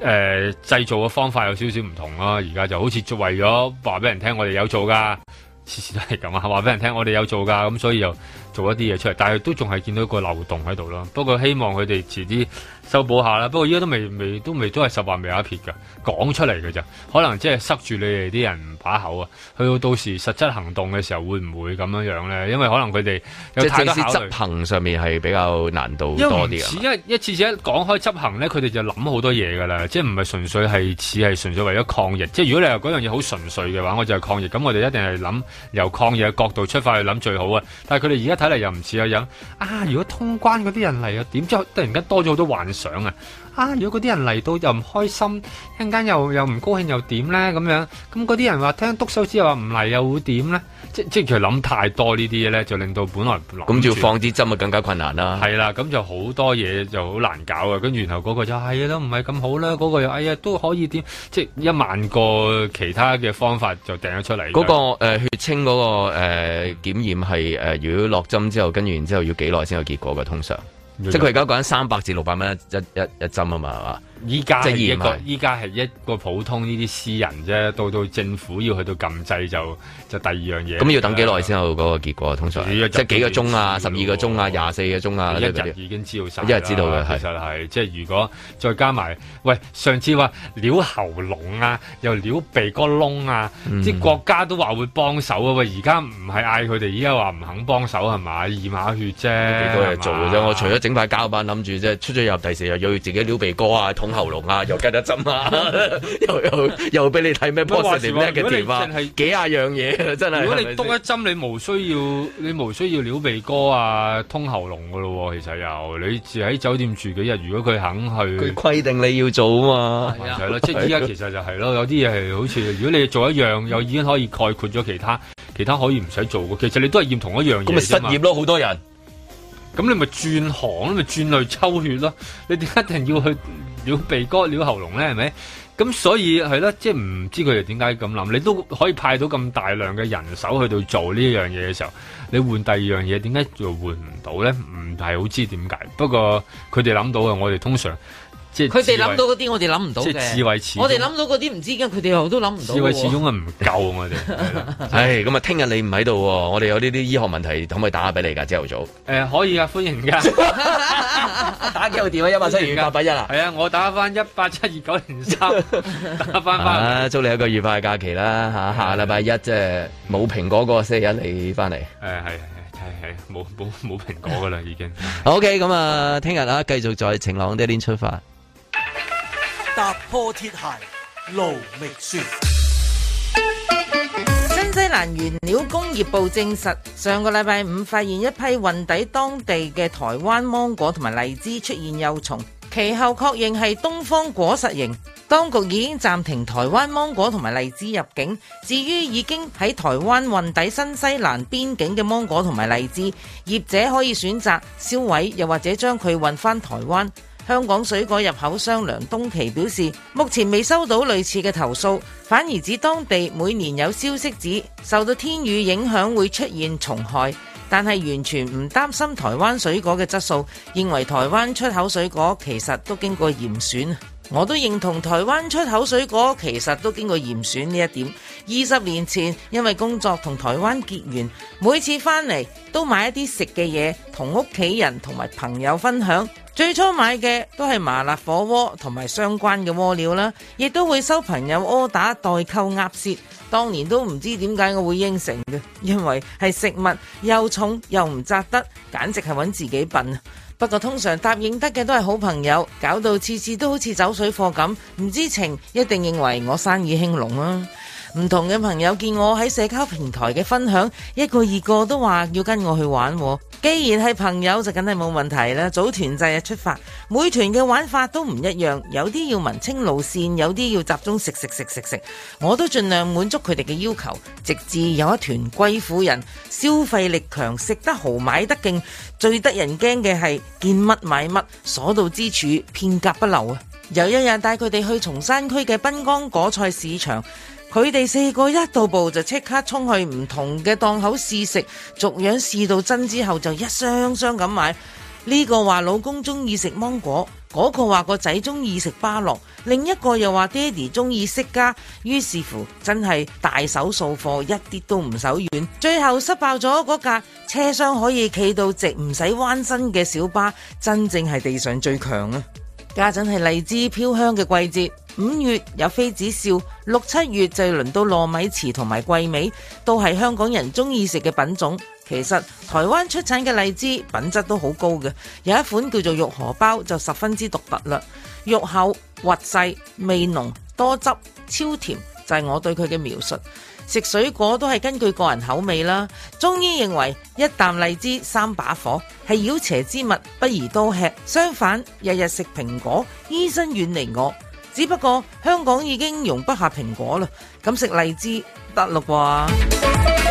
誒、呃、製造嘅方法有少少唔同咯，啊，而家就好似作為咗話俾人聽，我哋有做噶，次次都係咁啊，話俾人聽我哋有做噶，咁所以就，做一啲嘢出嚟，但係都仲係見到一個漏洞喺度咯。不過希望佢哋遲啲修補下啦。不過依家都未未都未都係十劃未有一撇噶，講出嚟嘅咋，可能即係塞住你哋啲人把口啊。去到到時實質行動嘅時候，會唔會咁樣樣咧？因為可能佢哋有太即執行上面係比較難度多啲啊。一次一次一講開執行咧，佢哋就諗好多嘢噶啦。即係唔係純粹係似係純粹為咗抗疫，即係如果你話嗰樣嘢好純粹嘅話，我就係抗疫，咁我哋一定係諗由抗疫嘅角度出發去諗最好啊。但係佢哋而家。睇嚟又唔似啊樣啊！如果通關嗰啲人嚟啊，點知突然間多咗好多幻想啊！啊！如果嗰啲人嚟到又唔開心，一陣間又又唔高興又點咧？咁樣咁嗰啲人話聽篤手指話唔嚟又會點咧？即即其實諗太多呢啲嘢咧，就令到本來咁就要放啲針啊，更加困難啦、啊。係啦，咁就好多嘢就好難搞嘅。跟住然後嗰個就係都唔係咁好啦。嗰、嗰個又哎呀都可以點？即一萬個其他嘅方法就掟咗出嚟。嗰、嗰個、呃、血清嗰、嗰個誒、呃、檢驗係、呃、如果落針之後跟住然之後要幾耐先有結果嘅通常？即係佢而家講緊三百至六百蚊一一一,一針啊嘛，係嘛？依家係一個依家係一個普通呢啲私人啫，到到政府要去到禁制就。就第二樣嘢，咁要等幾耐先有嗰個結果？通常即係、就是、幾個鐘啊，十二個鐘啊，廿、哦、四個鐘啊，一日已經知道曬，一日知道嘅係。其實係即係如果再加埋，喂，上次話撩喉嚨啊，又撩鼻哥窿啊，即、嗯、國家都話會幫手啊。喂，而家唔係嗌佢哋，而家話唔肯幫手係咪？二馬血啫，幾多嘢做嘅啫？我除咗整塊膠板，諗住即係出咗入第四日又要自己撩鼻哥啊，捅喉嚨啊，又拮一針啊， <laughs> 又又又俾你睇咩 p o s s i 嘅電話，幾廿樣嘢。真係如果你篤一針， <laughs> 你無需要你無需要撩鼻哥啊，通喉嚨噶咯，其實又你住喺酒店住幾日？如果佢肯去，佢規定你要做啊嘛，係、啊、咯，即係依家其實就係咯、啊，有啲嘢係好似如果你做一樣， <laughs> 又已經可以概括咗其他，其他可以唔使做嘅。其實你都係驗同一樣嘢。咁咪失業咯，好多人。咁你咪轉行，咪轉去抽血咯。你點解一定要去撩鼻哥、撩喉嚨咧？係咪？咁所以係啦。即係唔知佢哋點解咁諗，你都可以派到咁大量嘅人手去到做呢樣嘢嘅時候，你換第二樣嘢點解就換唔到呢？唔係好知點解。不過佢哋諗到嘅，我哋通常。佢哋諗到嗰啲，我哋諗唔到即係智慧。我哋諗到嗰啲唔知，而家佢哋又都諗唔到。智慧始終係唔夠我哋。唉 <laughs> 是的，咁 <laughs> 啊、哎，聽日你唔喺度，我哋有呢啲醫學問題，可唔可以打下俾你噶？朝頭早。誒、哎，可以啊，歡迎噶。 <laughs> <laughs> 打幾號電話？一八七二。禮拜一啊。係啊，我打翻一八七二九零三。打翻翻。祝你一個愉快嘅假期啦！吓、啊嗯，下禮拜一即係冇蘋果嗰個星期一沒果果，你翻嚟。誒、哎，係係係冇冇冇蘋果噶啦，已經。 <laughs> 好 k、okay, 咁啊，聽日啊，繼續在晴朗嘅一天出發。踏破鐵鞋勞未雪。新西蘭原料工業部證實，上個禮拜五發現一批運抵當地嘅台灣芒果同埋荔枝出現幼蟲，其後確認係東方果實蠅。當局已經暫停台灣芒果同埋荔枝入境。至於已經喺台灣運抵新西蘭邊境嘅芒果同埋荔枝，業者可以選擇銷毀，又或者將佢運返台灣。香港水果入口商梁東琪表示，目前未收到類似嘅投訴，反而指當地每年有消息指受到天雨影響會出現蟲害，但係完全唔擔心台灣水果嘅質素，認為台灣出口水果其實都經過嚴選。我都認同台灣出口水果其實都經過嚴選呢一點。二十年前因為工作同台灣結緣，每次返嚟都買一啲食嘅嘢同屋企人同埋朋友分享。最初買嘅都係麻辣火鍋同埋相關嘅鍋料啦，亦都會收朋友窩打代購鴨舌。當年都唔知點解我會應承嘅，因為係食物又重又唔扎得，簡直係揾自己笨。不過通常答應得嘅都係好朋友，搞到次次都好似走水貨咁，唔知情，一定認為我生意興隆啊。唔同嘅朋友見我喺社交平台嘅分享，一個二個都話要跟我去玩喎。既然係朋友就梗係冇問題啦，組團制嘅出發，每團嘅玩法都唔一樣，有啲要問清路線，有啲要集中食食食食食，我都盡量滿足佢哋嘅要求，直至有一團貴婦人，消費力強，食得豪，買得勁，最得人驚嘅係見乜買乜，所到之處片甲不留啊！有一日帶佢哋去松山區嘅濱江果菜市場。佢哋四個一到步就即刻衝去唔同嘅檔口試食，逐樣試到真之後就一箱箱咁買。呢個話老公中意食芒果，嗰個話個仔中意食芭樂，另一個又話爹哋中意釋迦。於是乎，真係大手掃貨，一啲都唔手軟。最後失爆咗嗰架車廂可以企到直唔使彎身嘅小巴，真正係地上最強啊！家陣係荔枝飄香嘅季節，五月有妃子笑，六七月就輪到糯米糍同埋桂味，都係香港人中意食嘅品種。其實台灣出產嘅荔枝品質都好高嘅，有一款叫做玉荷包就十分之獨特啦，肉厚、滑細、味濃、多汁、超甜，就係我對佢嘅描述。食水果都係根據個人口味啦。中醫認為一啖荔枝三把火，係妖邪之物，不宜多吃。相反，日日食蘋果，醫生遠離我。只不過香港已經容不下蘋果啦，咁食荔枝得嘞啩？